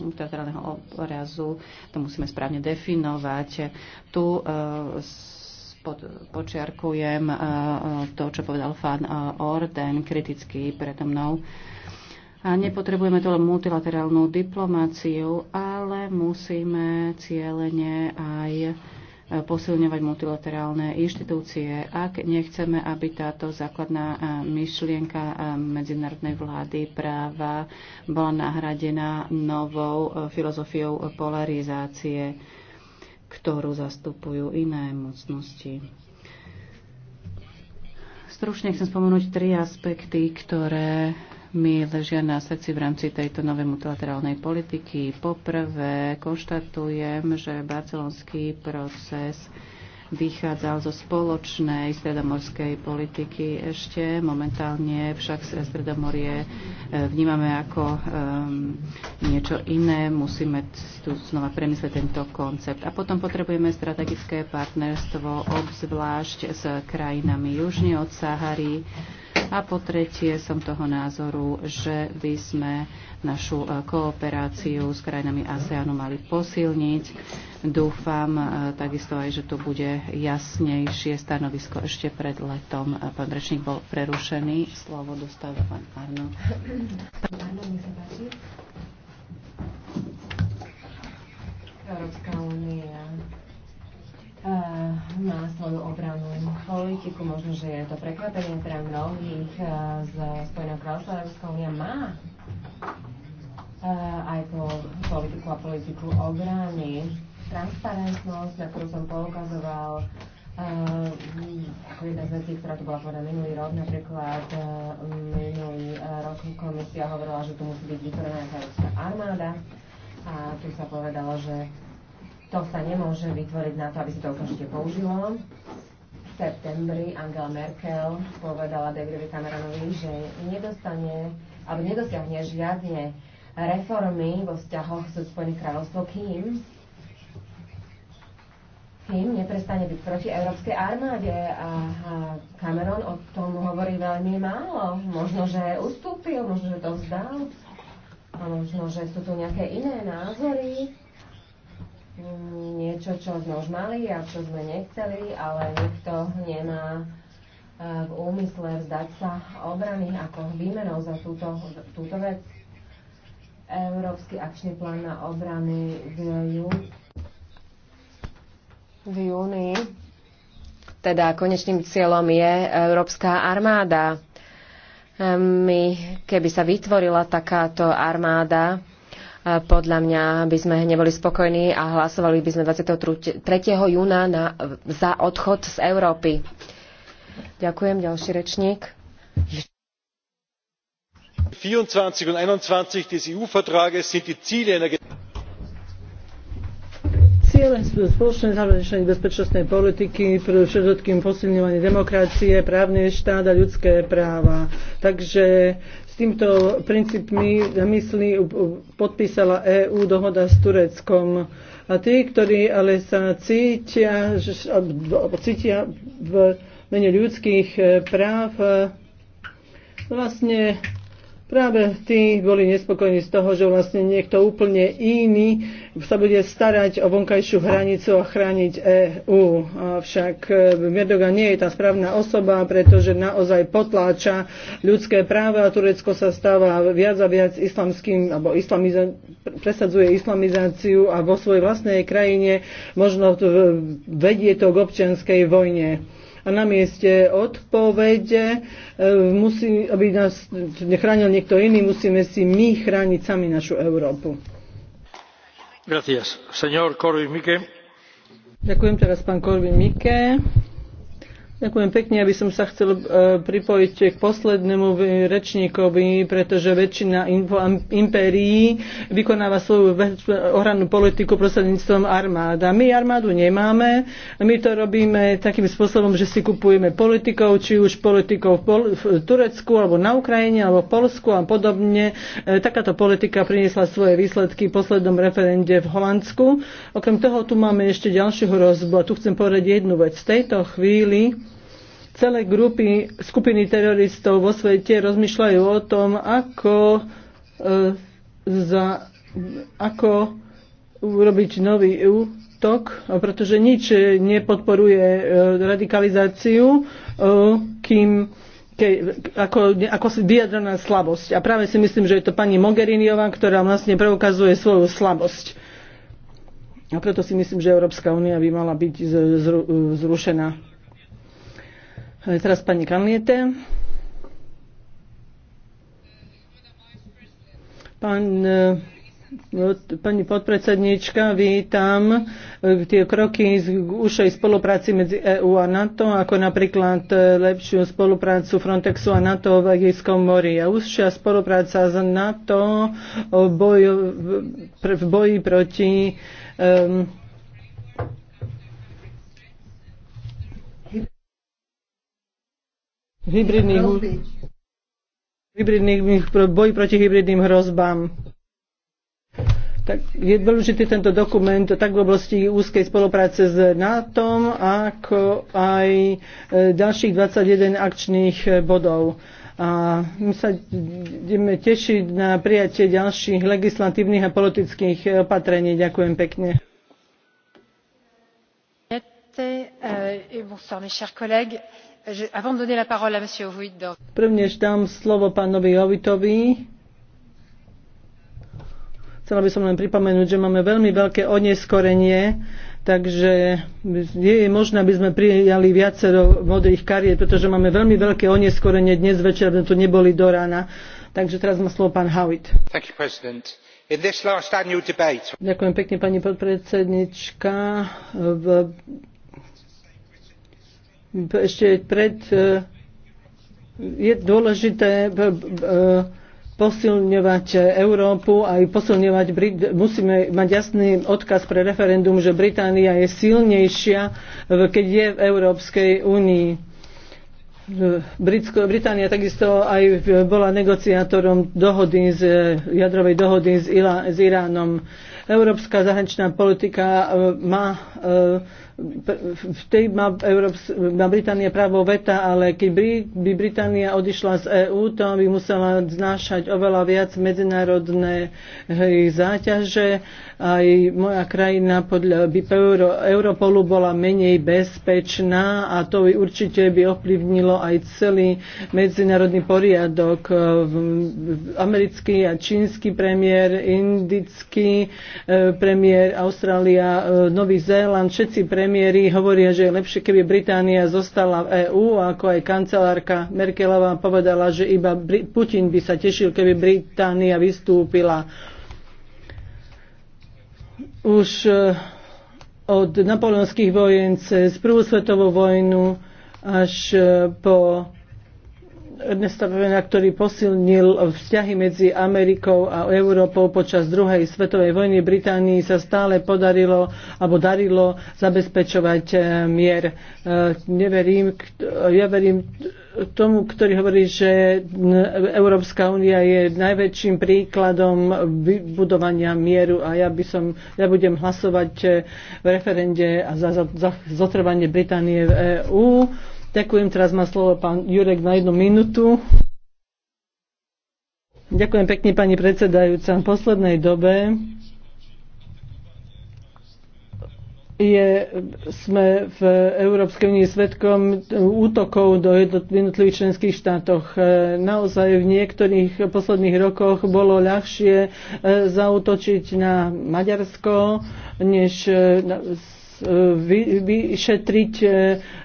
Speaker 3: multilaterálneho obrazu to musíme správne definovať. Tu e, pod, počiarkujem to, čo povedal fan Orden kriticky predo mnou. A nepotrebujeme to len multilaterálnu diplomáciu, ale musíme cieľene aj E, posilňovať multilaterálne inštitúcie, ak nechceme, aby táto základná e, myšlienka e, medzinárodnej vlády práva bola nahradená novou filozofiou polarizácie, ktorú zastupujú iné mocnosti. Stručne chcem spomenúť tri aspekty, ktoré mi ležia na srdci v rámci tejto novej multilaterálnej politiky. Poprvé konštatujem, že barcelonský proces vychádzal zo spoločnej stredomorskej politiky ešte. Momentálne však stredomorie e, vnímame ako um, niečo iné. Musíme tu znova premyslieť tento koncept. A potom potrebujeme strategické partnerstvo, obzvlášť s krajinami južne od Sahary a po tretie som toho názoru, že by sme našu e, kooperáciu s krajinami ASEANu mali posilniť. Dúfam e, takisto aj, že to bude jasnejšie stanovisko ešte pred letom. E, pán rečník bol prerušený. Slovo dostáva pán Arno.
Speaker 4: Európska únia má svoju obranú politiku. Možno, že je to prekvapenie pre teda mnohých z Spojeného kráľovstva Európska únia má aj po politiku a politiku obrany. Transparentnosť, na ktorú som poukazoval, ako jedna z vecí, ktorá tu bola povedaná minulý rok, napríklad minulý rok komisia hovorila, že tu musí byť vytvorená Európska armáda a tu sa povedalo, že to sa nemôže vytvoriť na to, aby sa to okamžite použilo. V septembri Angela Merkel povedala Davidovi Cameronovi, že nedostane alebo nedosiahne žiadne reformy vo vzťahoch so Spojeným kráľovstvom, kým kým neprestane byť proti európskej armáde a, a Cameron o tom hovorí veľmi málo. Možno, že ustúpil, možno, že to vzdal a možno, že sú tu nejaké iné názory niečo, čo sme už mali a čo sme nechceli, ale nikto nemá e, v úmysle vzdať sa obrany ako výmenou za túto, túto vec. Európsky akčný plán na obrany v, júni. v júni. Teda konečným cieľom je Európska armáda. E, my, keby sa vytvorila takáto armáda, podľa mňa by sme neboli spokojní a hlasovali by sme 23. júna na, za odchod z Európy. Ďakujem, ďalší rečník.
Speaker 1: 24 und 21 des EU-Vertrages sind die Ziele
Speaker 5: bezpečnostnej politiky, predovšetkým posilňovanie demokracie, právny štát a ľudské práva. Takže týmto princípmi myslí podpísala EÚ dohoda s Tureckom. A tí, ktorí ale sa cítia, cítia v mene ľudských eh, práv, eh, vlastne Práve tí boli nespokojní z toho, že vlastne niekto úplne iný sa bude starať o vonkajšiu hranicu a chrániť EÚ. Avšak e, Erdogan nie je tá správna osoba, pretože naozaj potláča ľudské práva a Turecko sa stáva viac a viac islamským, alebo islamiza- presadzuje islamizáciu a vo svojej vlastnej krajine možno vedie to k občianskej vojne a na mieste odpovede e, musí, aby nás nechránil niekto iný, musíme si my chrániť sami našu Európu.
Speaker 2: Gracias. Señor Corvin Mike.
Speaker 5: Ďakujem teraz pán Korvin Mike. Ďakujem pekne, aby som sa chcel e, pripojiť k poslednému rečníkovi, pretože väčšina impérií vykonáva svoju ohrannú politiku prostredníctvom armád. A my armádu nemáme, my to robíme takým spôsobom, že si kupujeme politikov, či už politikov v, Pol- v Turecku, alebo na Ukrajine, alebo v Polsku a podobne. E, takáto politika priniesla svoje výsledky v poslednom referende v Holandsku. Okrem toho tu máme ešte ďalšiu hrozbu a tu chcem povedať jednu vec. V tejto chvíli Celé grupy, skupiny teroristov vo svete rozmýšľajú o tom, ako, e, za, ako urobiť nový útok, pretože nič nepodporuje e, radikalizáciu, e, kým Ke, ako, ako vyjadrená slabosť. A práve si myslím, že je to pani Mogheriniová, ktorá vlastne preukazuje svoju slabosť. A preto si myslím, že Európska únia by mala byť zru, zrušená. E, teraz pani Kalniete. Pán e, Pani podpredsednička, vítam e, tie kroky z ušej spolupráci medzi EÚ a NATO, ako napríklad lepšiu spoluprácu Frontexu a NATO v Egejskom mori. A užšia spolupráca z NATO v boji proti um, hybridných, hybridných boj proti hybridným hrozbám. Tak je dôležitý tento dokument tak v oblasti úzkej spolupráce s NATO, ako aj e, ďalších 21 akčných e, bodov. A my sa ideme tešiť na prijatie ďalších legislatívnych a politických e, opatrení. Ďakujem pekne. et bonsoir mes chers collègues. Prvnež dám slovo pánovi Ovitovi. Chcela by som len pripomenúť, že máme veľmi veľké oneskorenie, takže nie je možné, aby sme prijali viacero modrých kariet, pretože máme veľmi veľké oneskorenie dnes večer, aby sme tu neboli do rána. Takže teraz má slovo pán Howitt. Ďakujem pekne, pani podpredsednička. V ešte pred eh, je dôležité eh, eh, posilňovať Európu aj posilňovať Brit- musíme mať jasný odkaz pre referendum, že Británia je silnejšia, keď je v Európskej únii. Britsko, Británia takisto aj bola negociátorom dohody z, jadrovej dohody s, Ila, s Iránom. Európska zahraničná politika má E, vtedy má, Európs- má Británia právo veta, ale keď by Británia odišla z EÚ, to by musela znášať oveľa viac medzinárodné záťaže. Aj moja krajina podľa by Euro, Europolu bola menej bezpečná a to by určite by ovplyvnilo aj celý medzinárodný poriadok. E, americký a čínsky premiér, indický e, premiér, Austrália, Nový Zéland, Irland všetci premiéry hovoria, že je lepšie, keby Británia zostala v EÚ, ako aj kancelárka Merkelová povedala, že iba Putin by sa tešil, keby Británia vystúpila. Už e, od napoleonských vojen cez prvú svetovú vojnu až e, po Ernesta Bevena, ktorý posilnil vzťahy medzi Amerikou a Európou počas druhej svetovej vojny Británii sa stále podarilo alebo darilo zabezpečovať eh, mier. Eh, neverím, ja verím tomu, ktorý hovorí, že Európska únia je najväčším príkladom vybudovania mieru a ja by som, ja budem hlasovať eh, v referende a za, za, za zotrvanie Británie v EÚ. Ďakujem, teraz má slovo pán Jurek na jednu minútu. Ďakujem pekne, pani predsedajúca. V poslednej dobe je, sme v Európskej únii svetkom útokov do jednotlivých členských štátoch. Naozaj v niektorých posledných rokoch bolo ľahšie e, zautočiť na Maďarsko, než e, E, vyšetriť, e,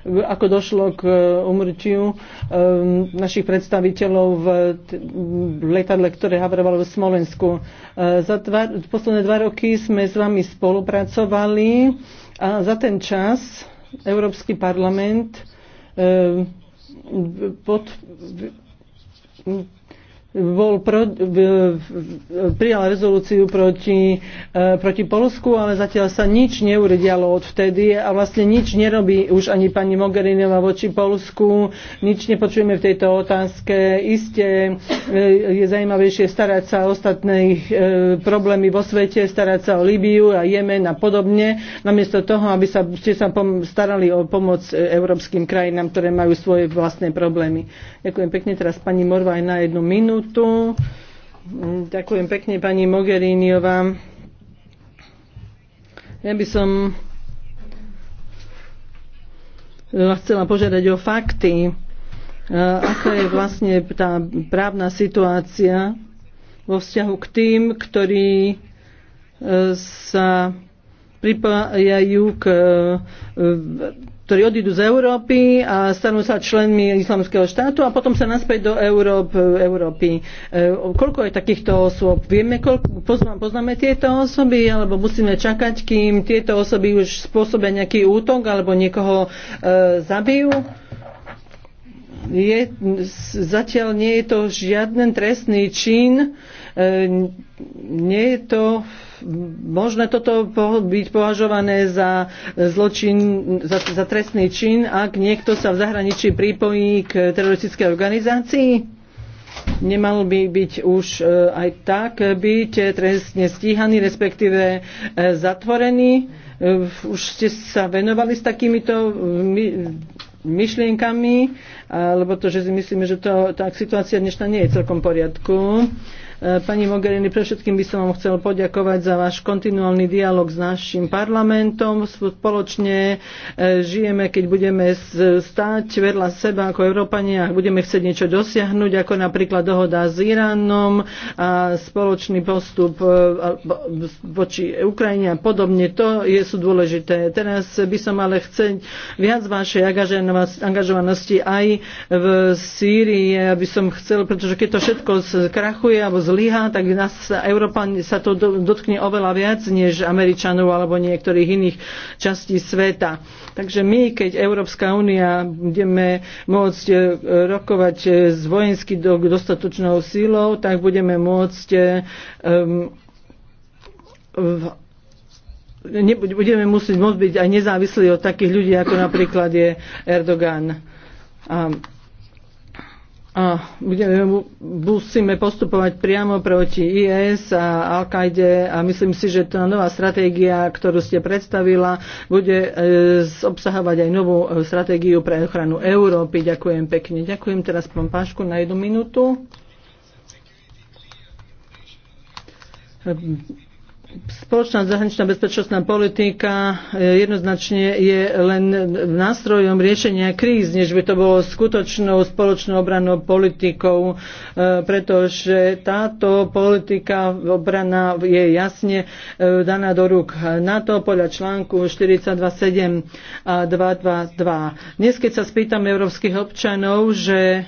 Speaker 5: ako došlo k e, umrtiu našich predstaviteľov v letadle, ktoré havarovalo v Smolensku. Za dva, posledné dva roky sme s vami spolupracovali a za ten čas Európsky parlament pod bol pro, prijal rezolúciu proti, e, proti Polsku, ale zatiaľ sa nič neuredialo odvtedy a vlastne nič nerobí už ani pani Mogherinová voči Polsku, nič nepočujeme v tejto otázke. Isté e, je zaujímavejšie starať sa o ostatné e, problémy vo svete, starať sa o Líbiu a Jemen a podobne, namiesto toho, aby sa, ste sa starali o pomoc európskym krajinám, ktoré majú svoje vlastné problémy. Ďakujem pekne teraz pani Morva aj na jednu minútu minútu. Ďakujem pekne pani Mogheriniová. Ja by som chcela požiadať o fakty, aká je vlastne tá právna situácia vo vzťahu k tým, ktorí e, sa pripájajú k e, ktorí odídu z Európy a stanú sa členmi islamského štátu a potom sa naspäť do Európ, Európy. E, koľko je takýchto osôb? Vieme, koľko, poznáme, poznáme tieto osoby, alebo musíme čakať, kým tieto osoby už spôsobia nejaký útok alebo niekoho e, zabijú? Je, zatiaľ nie je to žiadny trestný čin, e, nie je to Možno toto byť považované za e, zločin, za, za trestný čin, ak niekto sa v zahraničí pripojí k teroristickej organizácii? nemal by byť už e, aj tak byť trestne stíhaný, respektíve e, zatvorený. Už ste sa venovali s takýmito myšlienkami, lebo to, že si myslíme, že to, tá situácia dnešná nie je celkom v poriadku. Pani Mogherini, pre všetkým by som vám chcel poďakovať za váš kontinuálny dialog s našim parlamentom. Spoločne e, žijeme, keď budeme stáť vedľa seba ako Európania, ak budeme chcieť niečo dosiahnuť, ako napríklad dohoda s Iránom a spoločný postup e, voči Ukrajine a podobne. To je, sú dôležité. Teraz by som ale chcel viac vašej angažovanosti aj v Sýrii, aby som chcel, pretože keď to všetko krachuje alebo zl- zlyhá, tak nás Európa sa to dotkne oveľa viac než Američanov alebo niektorých iných častí sveta. Takže my, keď Európska únia budeme môcť e, rokovať e, s vojensky dostatočnou sílou, tak budeme môcť um, v, ne, budeme musieť môcť byť aj nezávislí od takých ľudí, ako napríklad je Erdogan. A a budeme, musíme postupovať priamo proti IS a al a myslím si, že tá nová stratégia, ktorú ste predstavila, bude e, obsahovať aj novú e, stratégiu pre ochranu Európy. Ďakujem pekne. Ďakujem teraz pán Pášku na jednu minútu Spoločná zahraničná bezpečnostná politika e, jednoznačne je len nástrojom riešenia kríz, než by to bolo skutočnou spoločnou obrannou politikou, e, pretože táto politika obrana je jasne e, daná do rúk NATO podľa článku 427 a 222. Dnes, keď sa spýtam európskych občanov, že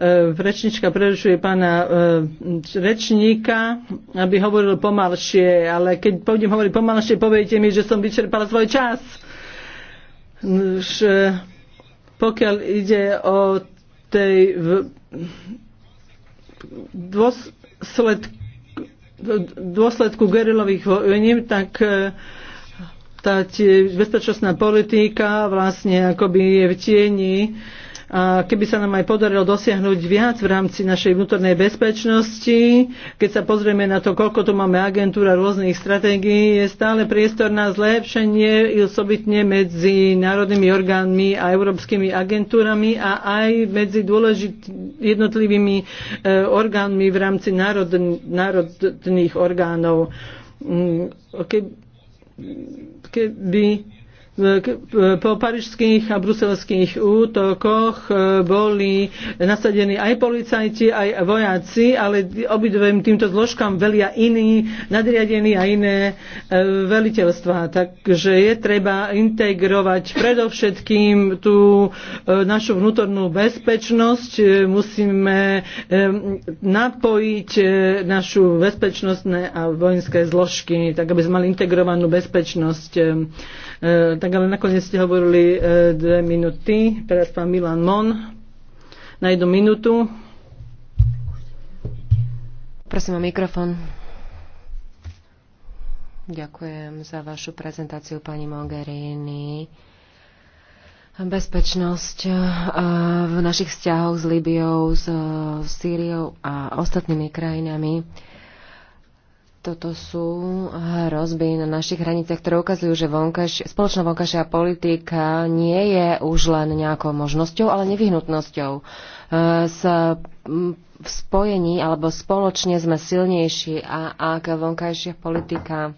Speaker 5: E, rečnička prerušuje pána e, rečníka, aby hovoril pomalšie, ale keď pôjdem hovoriť pomalšie, poviete mi, že som vyčerpala svoj čas. Už, e, pokiaľ ide o tej v, dôsledku, dôsledku gerilových vojen, tak tá bezpečnostná politika vlastne akoby je v tieni a keby sa nám aj podarilo dosiahnuť viac v rámci našej vnútornej bezpečnosti, keď sa pozrieme na to, koľko tu máme agentúra rôznych stratégií, je stále priestor na zlepšenie osobitne medzi národnými orgánmi a európskymi agentúrami a aj medzi dôležitými jednotlivými e, orgánmi v rámci národ, národných orgánov. Mm, keby keby po parížských a bruselských útokoch e, boli nasadení aj policajti, aj vojaci, ale obidvem týmto zložkám velia iní nadriadení a iné e, veliteľstva. Takže je treba integrovať predovšetkým tú e, našu vnútornú bezpečnosť. Musíme napojiť našu bezpečnostné a vojenské zložky, tak aby sme mali integrovanú bezpečnosť E, tak ale nakoniec ste hovorili e, dve minúty. Teraz pán Milan Mon na jednu minútu. Prosím o mikrofón.
Speaker 4: Ďakujem za vašu prezentáciu, pani Mogherini. Bezpečnosť e, v našich vzťahoch s Libiou, s Sýriou a ostatnými krajinami toto sú hrozby na našich hraniciach, ktoré ukazujú, že vonkaž, spoločná vonkajšia politika nie je už len nejakou možnosťou, ale nevyhnutnosťou. E, s, v spojení alebo spoločne sme silnejší a ak vonkajšia politika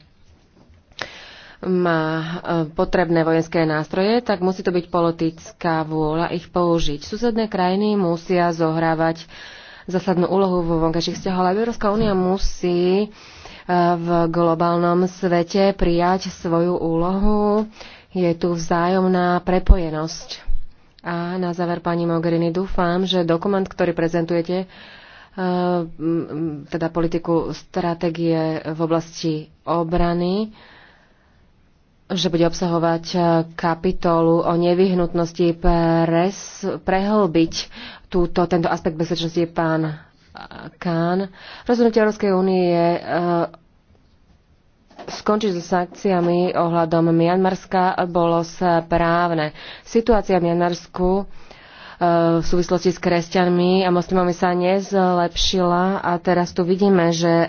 Speaker 4: má e, potrebné vojenské nástroje, tak musí to byť politická vôľa ich použiť. Susedné krajiny musia zohrávať zásadnú úlohu vo vonkajších vzťahoch, ale Európska únia musí v globálnom svete prijať svoju úlohu. Je tu vzájomná prepojenosť. A na záver, pani Mogherini, dúfam, že dokument, ktorý prezentujete, e, teda politiku stratégie v oblasti obrany, že bude obsahovať e, kapitolu o nevyhnutnosti pres, prehlbiť túto, tento aspekt bezpečnosti pán Kán. Rozhodnutie Európskej únie je skončiť so sankciami ohľadom Mianmarska bolo správne. Situácia v Mianmarsku e, v súvislosti s kresťanmi a moslimami sa nezlepšila a teraz tu vidíme, že e,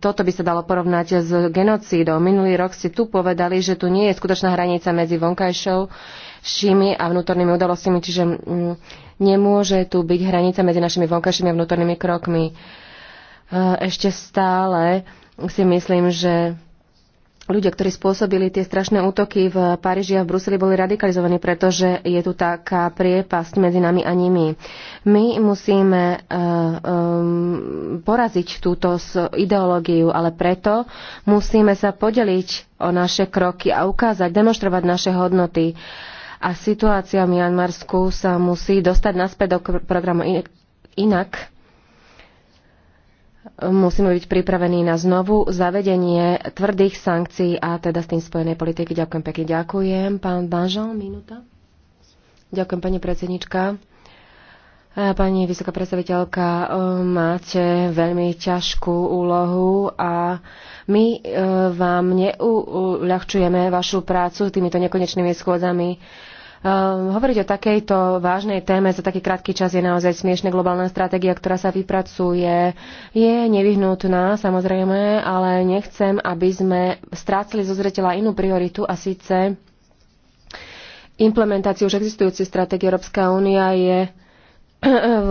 Speaker 4: toto by sa dalo porovnať s genocídou. Minulý rok ste tu povedali, že tu nie je skutočná hranica medzi vonkajšou šími a vnútornými udalostiami, čiže mm, nemôže tu byť hranica medzi našimi vonkajšími a vnútornými krokmi. E, ešte stále si myslím, že ľudia, ktorí spôsobili tie strašné útoky v Paríži a v Bruseli, boli radikalizovaní, pretože je tu taká priepasť medzi nami a nimi. My musíme uh, um, poraziť túto ideológiu, ale preto musíme sa podeliť o naše kroky a ukázať, demonstrovať naše hodnoty. A situácia v Mianmarsku sa musí dostať naspäť do programu inak musíme byť pripravení na znovu zavedenie tvrdých sankcií a teda s tým spojenej politiky. Ďakujem pekne. Ďakujem. Pán Danžan, minúta. Ďakujem, pani predsednička. Pani vysoká predstaviteľka, e, máte veľmi ťažkú úlohu a my e, vám neuľahčujeme vašu prácu týmito nekonečnými schôdzami Ehm, hovoriť o takejto vážnej téme za taký krátky čas je naozaj smiešne. Globálna stratégia, ktorá sa vypracuje, je nevyhnutná, samozrejme, ale nechcem, aby sme strácali zo zretela inú prioritu a síce implementáciu už existujúcej stratégie Európska únia je (clears throat) v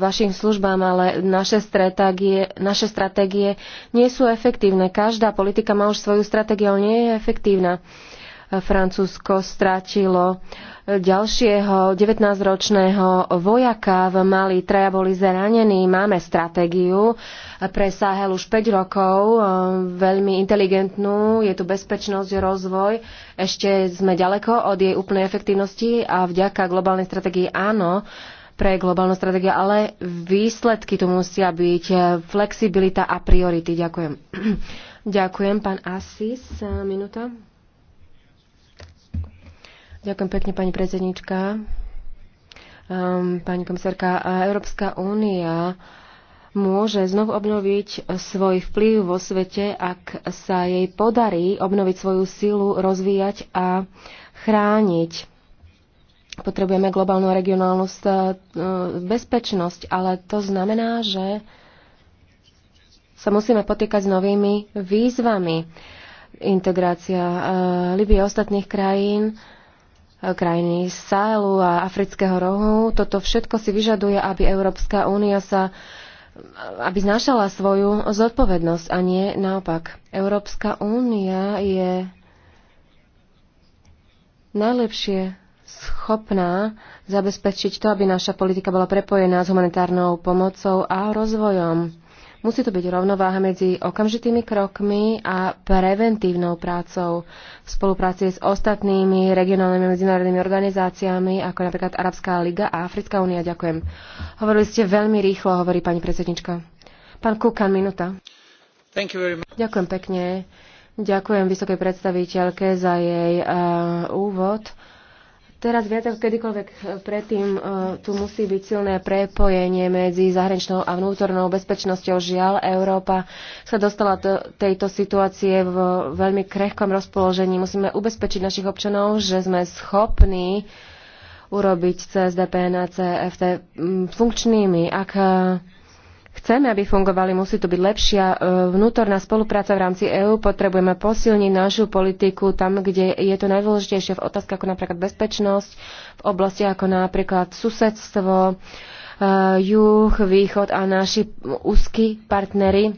Speaker 4: vašim službám, ale naše stratégie, naše stratégie nie sú efektívne. Každá politika má už svoju stratégiu, ale nie je efektívna. Francúzsko strátilo ďalšieho 19-ročného vojaka v Mali. Traja boli zranení. Máme stratégiu pre Sahel už 5 rokov, e, veľmi inteligentnú. Je tu bezpečnosť, rozvoj. Ešte sme ďaleko od jej úplnej efektívnosti a vďaka globálnej stratégii áno, pre globálnu stratégiu, ale výsledky tu musia byť e, flexibilita a priority. Ďakujem. (clears throat) Ďakujem, pán Asis. Minúta. Ďakujem pekne, pani predsednička. Um, pani komisárka, Európska únia môže znovu obnoviť svoj vplyv vo svete, ak sa jej podarí obnoviť svoju silu, rozvíjať a chrániť. Potrebujeme globálnu regionálnu e, bezpečnosť, ale to znamená, že sa musíme potýkať s novými výzvami. Integrácia e, Libie a ostatných krajín E, krajiny Sahelu a Afrického rohu. Toto všetko si vyžaduje, aby Európska únia sa e, aby znášala svoju zodpovednosť a nie naopak. Európska únia je najlepšie schopná zabezpečiť to, aby naša politika bola prepojená s humanitárnou pomocou a rozvojom. Musí to byť rovnováha medzi okamžitými krokmi a preventívnou prácou v spolupráci s ostatnými regionálnymi medzinárodnými organizáciami, ako napríklad Arabská liga a Africká únia. Ďakujem. Hovorili ste veľmi rýchlo, hovorí pani predsednička. Pán Kukan, minúta. Ďakujem pekne. Ďakujem vysokej predstaviteľke za jej uh, úvod. Teraz viac ako kedykoľvek eh, predtým eh, tu musí byť silné prepojenie medzi zahraničnou a vnútornou bezpečnosťou. Žiaľ, Európa sa dostala do tejto situácie v veľmi krehkom rozpoložení. Musíme ubezpečiť našich občanov, že sme schopní urobiť CSDP na CFT mm, funkčnými. Ak eh, chceme, aby fungovali, musí tu byť lepšia e, vnútorná spolupráca v rámci EÚ. Potrebujeme posilniť našu politiku tam, kde je to najdôležitejšie v otázkach ako napríklad bezpečnosť, v oblasti ako napríklad susedstvo, e, juh, východ a naši úzky partnery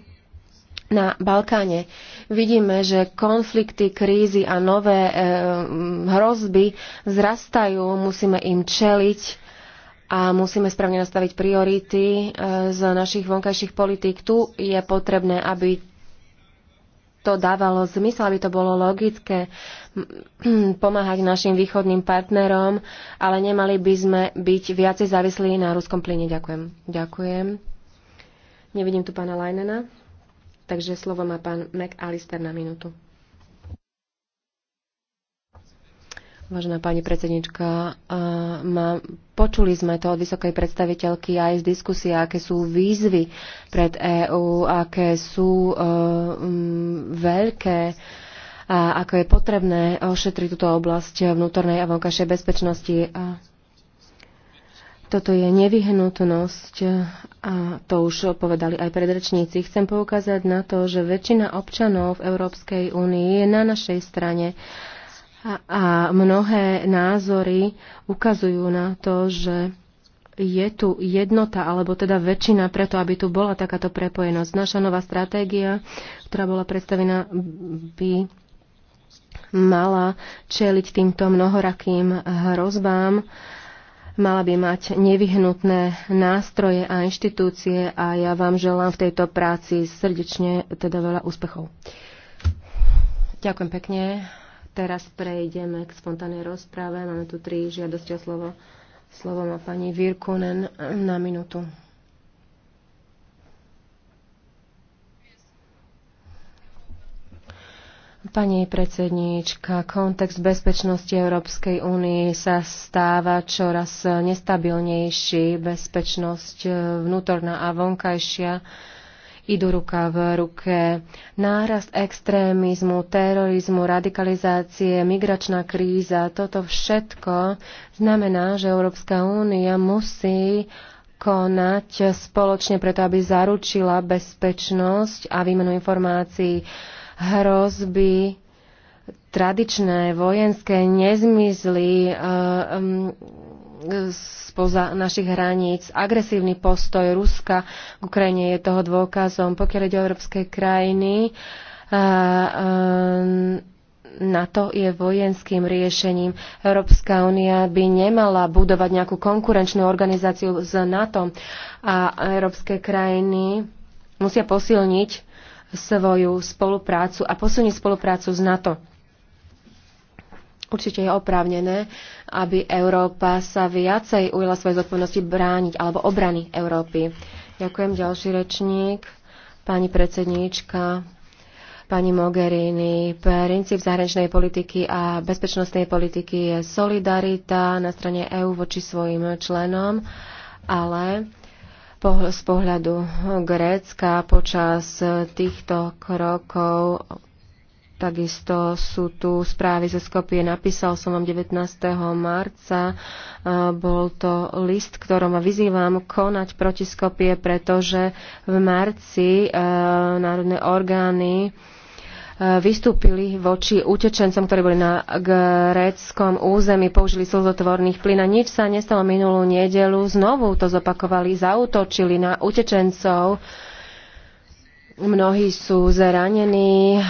Speaker 4: na Balkáne. Vidíme, že konflikty, krízy a nové e, hrozby zrastajú, musíme im čeliť a musíme správne nastaviť priority e, z našich vonkajších politík. Tu je potrebné, aby to dávalo zmysel, aby to bolo logické (clears throat) pomáhať našim východným partnerom, ale nemali by sme byť viacej závislí na ruskom plyne. Ďakujem. Ďakujem. Nevidím tu pána Lajnena, takže slovo má pán McAllister na minútu. Vážená pani predsednička, ma, počuli sme to od vysokej predstaviteľky aj z diskusie, aké sú výzvy pred EÚ, aké sú um, veľké a ako je potrebné ošetriť túto oblasť vnútornej a vonkajšej bezpečnosti. A toto je nevyhnutnosť a to už povedali aj predrečníci. Chcem poukázať na to, že väčšina občanov v Európskej únii je na našej strane a mnohé názory ukazujú na to, že je tu jednota, alebo teda väčšina preto, aby tu bola takáto prepojenosť. Naša nová stratégia, ktorá bola predstavená, by mala čeliť týmto mnohorakým hrozbám, mala by mať nevyhnutné nástroje a inštitúcie a ja vám želám v tejto práci srdečne teda veľa úspechov. Ďakujem pekne. Teraz prejdeme k spontánnej rozprave. Máme tu tri žiadosti o slovo. Slovo má pani Virkunen na minútu. Pani predsedníčka, kontext bezpečnosti Európskej únie sa stáva čoraz nestabilnejší. Bezpečnosť vnútorná a vonkajšia idú ruka v ruke. Nárast extrémizmu, terorizmu, radikalizácie, migračná kríza, toto všetko znamená, že Európska únia musí konať spoločne preto, aby zaručila bezpečnosť a výmenu informácií hrozby tradičné vojenské nezmizly, eh, mm, spoza našich hraníc. Agresívny postoj Ruska k Ukrajine je toho dôkazom. Pokiaľ ide o európske krajiny, NATO je vojenským riešením. Európska únia by nemala budovať nejakú konkurenčnú organizáciu s NATO a európske krajiny musia posilniť svoju spoluprácu a posilniť spoluprácu s NATO. Určite je oprávnené, aby Európa sa viacej ujela svojej zodpovednosti brániť alebo obrany Európy. Ďakujem ďalší rečník, pani predsedníčka, pani Mogherini. Princíp zahraničnej politiky a bezpečnostnej politiky je solidarita na strane EÚ voči svojim členom, ale z pohľadu Grécka počas týchto krokov Takisto sú tu správy ze Skopie. Napísal som vám 19. marca. Bol to list, ktorom vyzývam konať proti Skopie, pretože v marci e, národné orgány e, vystúpili voči utečencom, ktorí boli na gréckom území, použili slzotvorných plyn a nič sa nestalo minulú nedelu. Znovu to zopakovali, zautočili na utečencov, Mnohí sú zranení, eh,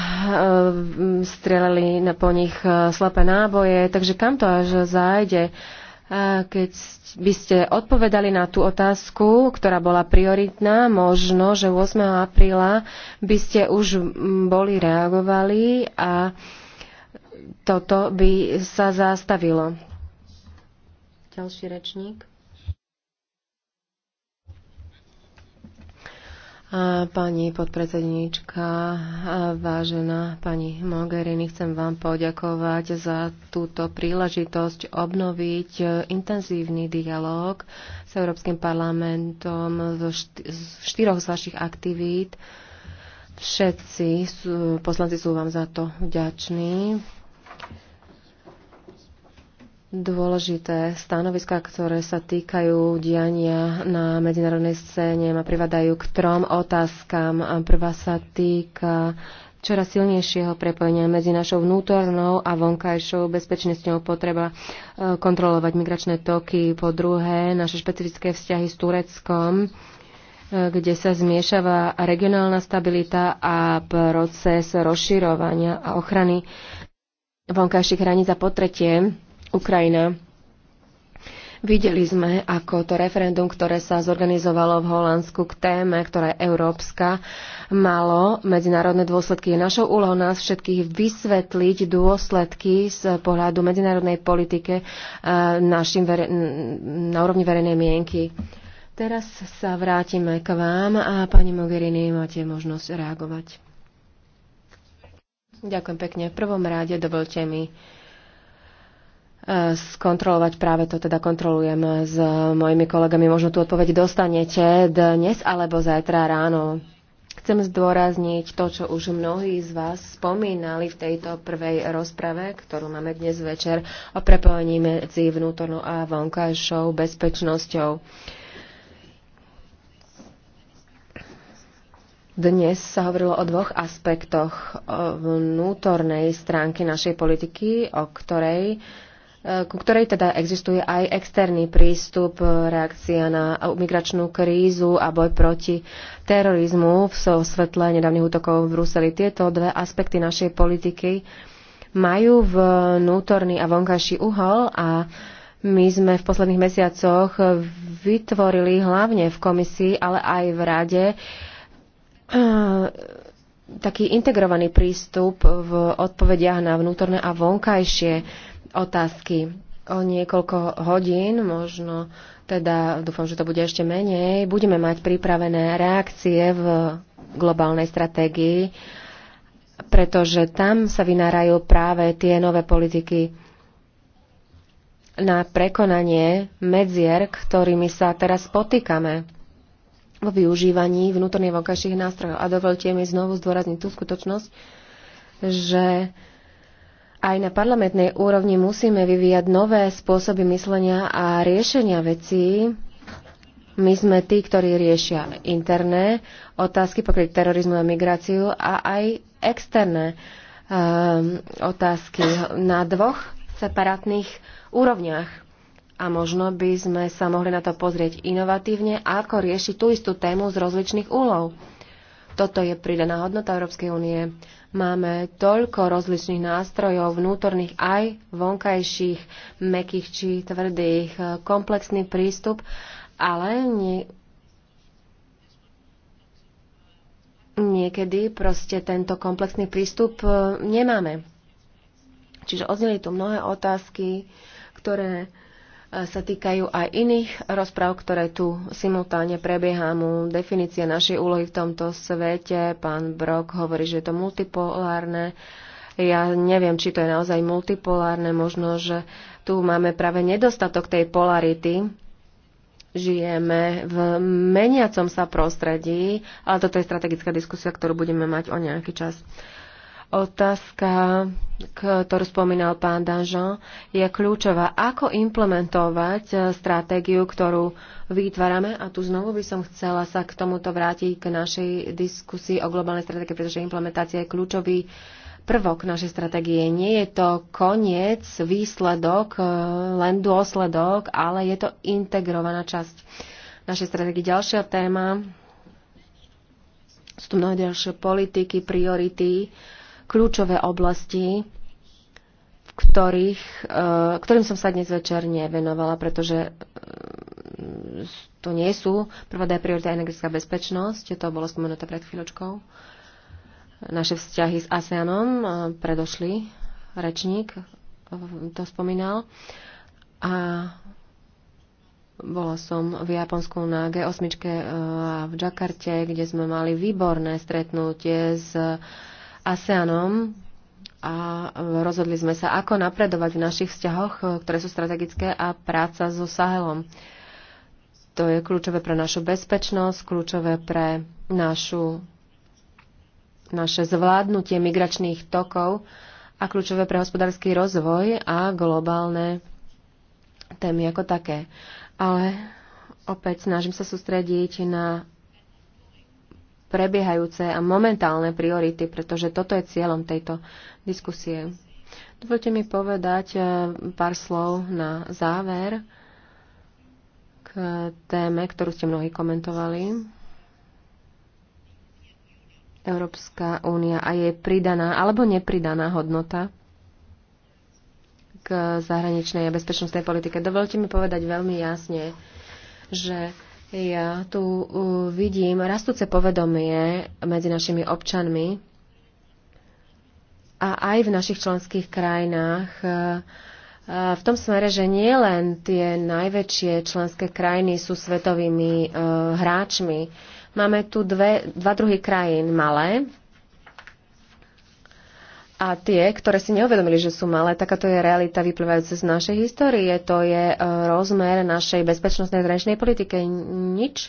Speaker 4: streleli po nich eh, slepé náboje, takže kam to až zájde? Keď by ste odpovedali na tú otázku, ktorá bola prioritná, možno, že 8. apríla by ste už boli reagovali a toto by sa zastavilo. Ďalší rečník. Pani podpredsedníčka, vážená pani Mogherini, chcem vám poďakovať za túto príležitosť obnoviť e, intenzívny dialog s Európskym parlamentom zo štyroch z vašich aktivít. Všetci poslanci sú vám za to vďační dôležité stanoviská, ktoré sa týkajú diania na medzinárodnej scéne, ma privadajú k trom otázkam. Prvá sa týka čoraz silnejšieho prepojenia medzi našou vnútornou a vonkajšou bezpečnosťou potreba e, kontrolovať migračné toky. Po druhé, naše špecifické vzťahy s Tureckom, e, kde sa zmiešava regionálna stabilita a proces rozširovania a ochrany vonkajších hraníc. A po tretie, Ukrajina. Videli sme, ako to referendum, ktoré sa zorganizovalo v Holandsku k téme, ktorá je európska, malo medzinárodné dôsledky. Je našou úlohou nás všetkých vysvetliť dôsledky z pohľadu medzinárodnej politike eh, našim vere- na úrovni verejnej mienky. Teraz sa vrátime k vám a pani Mogherini, máte možnosť reagovať. Ďakujem pekne. V prvom rade dovolte mi E, skontrolovať. Práve to teda kontrolujem s mojimi kolegami. Možno tu odpoveď dostanete dnes alebo zajtra ráno. Chcem zdôrazniť to, čo už mnohí z vás spomínali v tejto prvej rozprave, ktorú máme dnes večer o prepojení medzi vnútornou a vonkajšou bezpečnosťou. Dnes sa hovorilo o dvoch aspektoch vnútornej stránky našej politiky, o ktorej Eh, ku ktorej teda existuje aj externý prístup, eh, reakcia na migračnú krízu a boj proti terorizmu v svetle nedávnych útokov v Bruseli. Tieto dve aspekty našej politiky majú vnútorný a vonkajší uhol a my sme v posledných mesiacoch vytvorili hlavne v komisii, ale aj v rade eh, taký integrovaný prístup v odpovediach na vnútorné a vonkajšie otázky o niekoľko hodín, možno teda dúfam, že to bude ešte menej, budeme mať pripravené reakcie v globálnej stratégii, pretože tam sa vynárajú práve tie nové politiky na prekonanie medzier, ktorými sa teraz potýkame vo využívaní vnútorných vonkajších nástrojov. A dovolte mi znovu zdôrazniť tú skutočnosť, že aj na parlamentnej úrovni musíme vyvíjať nové spôsoby myslenia a riešenia vecí. My sme tí, ktorí riešia interné otázky, pokryť terorizmu a migráciu a aj externé um, otázky na dvoch separátnych úrovniach. A možno by sme sa mohli na to pozrieť inovatívne, ako riešiť tú istú tému z rozličných úlov. Toto je pridaná hodnota Európskej únie. Máme toľko rozličných nástrojov, vnútorných aj vonkajších, mekých či tvrdých, komplexný prístup, ale nie, niekedy proste tento komplexný prístup e, nemáme. Čiže odzneli tu mnohé otázky, ktoré sa týkajú aj iných rozpráv, ktoré tu simultáne mu Definícia našej úlohy v tomto svete, pán Brok hovorí, že je to multipolárne. Ja neviem, či to je naozaj multipolárne, možno, že tu máme práve nedostatok tej polarity. Žijeme v meniacom sa prostredí, ale toto je strategická diskusia, ktorú budeme mať o nejaký čas. Uh, Otázka, ktorú spomínal pán Danžan, je kľúčová. Ako implementovať e, stratégiu, ktorú vytvárame? A tu znovu by som chcela sa k tomuto vrátiť, k našej diskusii o globálnej stratégii, pretože implementácia je kľúčový prvok našej stratégie. Nie je to koniec, výsledok, e, len dôsledok, ale je to integrovaná časť našej stratégie. Ďalšia téma sú tu mnohé ďalšie politiky, priority kľúčové oblasti, v ktorých, eh, ktorým som sa dnes večer nevenovala, pretože eh, to nie sú prvá priorita energetická bezpečnosť, to bolo spomenuté pred chvíľočkou. Naše vzťahy s ASEANom eh, predošli, rečník to spomínal. A bola som v Japonsku na G8 a v Džakarte, kde sme mali výborné stretnutie s ASEANom a rozhodli sme sa, ako napredovať v našich vzťahoch, e, ktoré sú strategické a práca so Sahelom. To je kľúčové pre našu bezpečnosť, kľúčové pre našu, naše zvládnutie migračných tokov a kľúčové pre hospodársky rozvoj a globálne témy ako také. Ale opäť snažím sa sústrediť na prebiehajúce a momentálne priority, pretože toto je cieľom tejto diskusie. Dovolte mi povedať eh, pár slov na záver k téme, ktorú ste mnohí komentovali. Európska únia a jej pridaná alebo nepridaná hodnota k zahraničnej a bezpečnostnej politike. Dovolte mi povedať veľmi jasne, že ja tu vidím rastúce povedomie medzi našimi občanmi a aj v našich členských krajinách e, e, v tom smere, že nie len tie najväčšie členské krajiny sú svetovými e, hráčmi. Máme tu dve, dva druhy krajín, malé a tie, ktoré si neuvedomili, že sú malé, takáto je realita vyplývajúca z našej histórie. To je e, rozmer našej bezpečnostnej zrenčnej politike. Nič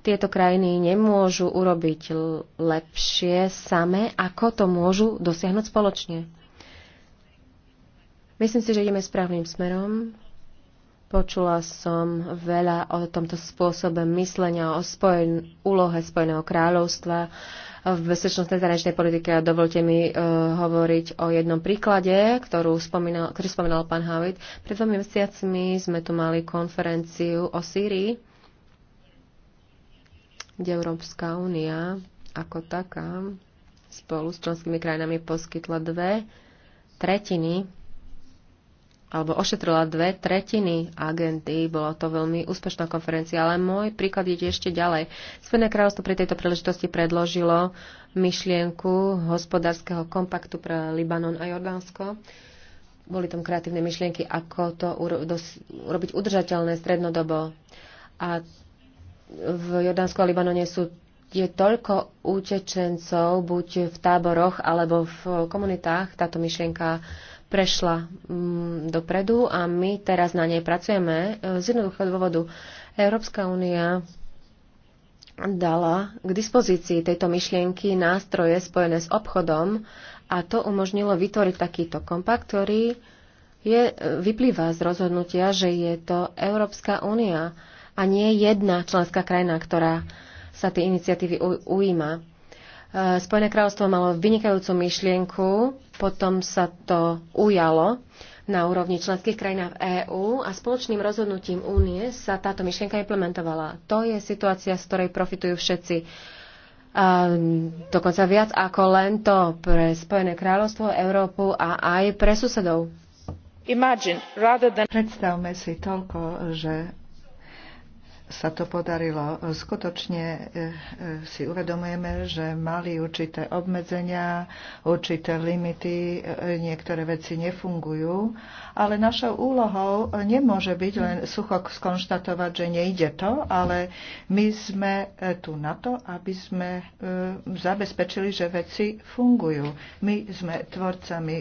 Speaker 4: tieto krajiny nemôžu urobiť lepšie same, ako to môžu dosiahnuť spoločne. Myslím si, že ideme správnym smerom. Počula som veľa o tomto spôsobe myslenia, o spojen, úlohe Spojeného kráľovstva v bezpečnostnej zahraničnej politike a dovolte mi uh, hovoriť o jednom príklade, ktorú spomínal, ktorý spomínal pán Havid. Pred dvomi mesiacmi sme tu mali konferenciu o Sýrii, kde Európska únia ako taká spolu s členskými krajinami poskytla dve tretiny alebo ošetrila dve tretiny agenty, Bolo to veľmi úspešná konferencia, ale môj príklad ide ešte ďalej. Spojené kráľovstvo pri tejto príležitosti predložilo myšlienku hospodárskeho kompaktu pre Libanon a Jordánsko. Boli tam kreatívne myšlienky, ako to urobiť udržateľné strednodobo. A v Jordánsku a Libanone sú je toľko útečencov, buď v táboroch alebo v komunitách, táto myšlienka prešla mm, dopredu a my teraz na nej pracujeme e, z jednoduchého dôvodu. Európska únia dala k dispozícii tejto myšlienky nástroje spojené s obchodom a to umožnilo vytvoriť takýto kompakt, ktorý je, e, vyplýva z rozhodnutia, že je to Európska únia a nie jedna členská krajina, ktorá sa tie iniciatívy ujíma. E, spojené kráľovstvo malo vynikajúcu myšlienku potom sa to ujalo na úrovni členských krajín v EÚ a spoločným rozhodnutím únie sa táto myšlienka implementovala. To je situácia, z ktorej profitujú všetci. A dokonca viac ako len to pre Spojené kráľovstvo, Európu a aj pre susedov. Predstavme si toľko, že sa to podarilo. Skutočne e, e, si uvedomujeme, že mali určité
Speaker 5: obmedzenia, určité limity, e, niektoré veci nefungujú, ale našou úlohou nemôže byť len sucho skonštatovať, že nejde to, ale my sme tu na to, aby sme zabezpečili, že veci fungujú. My sme tvorcami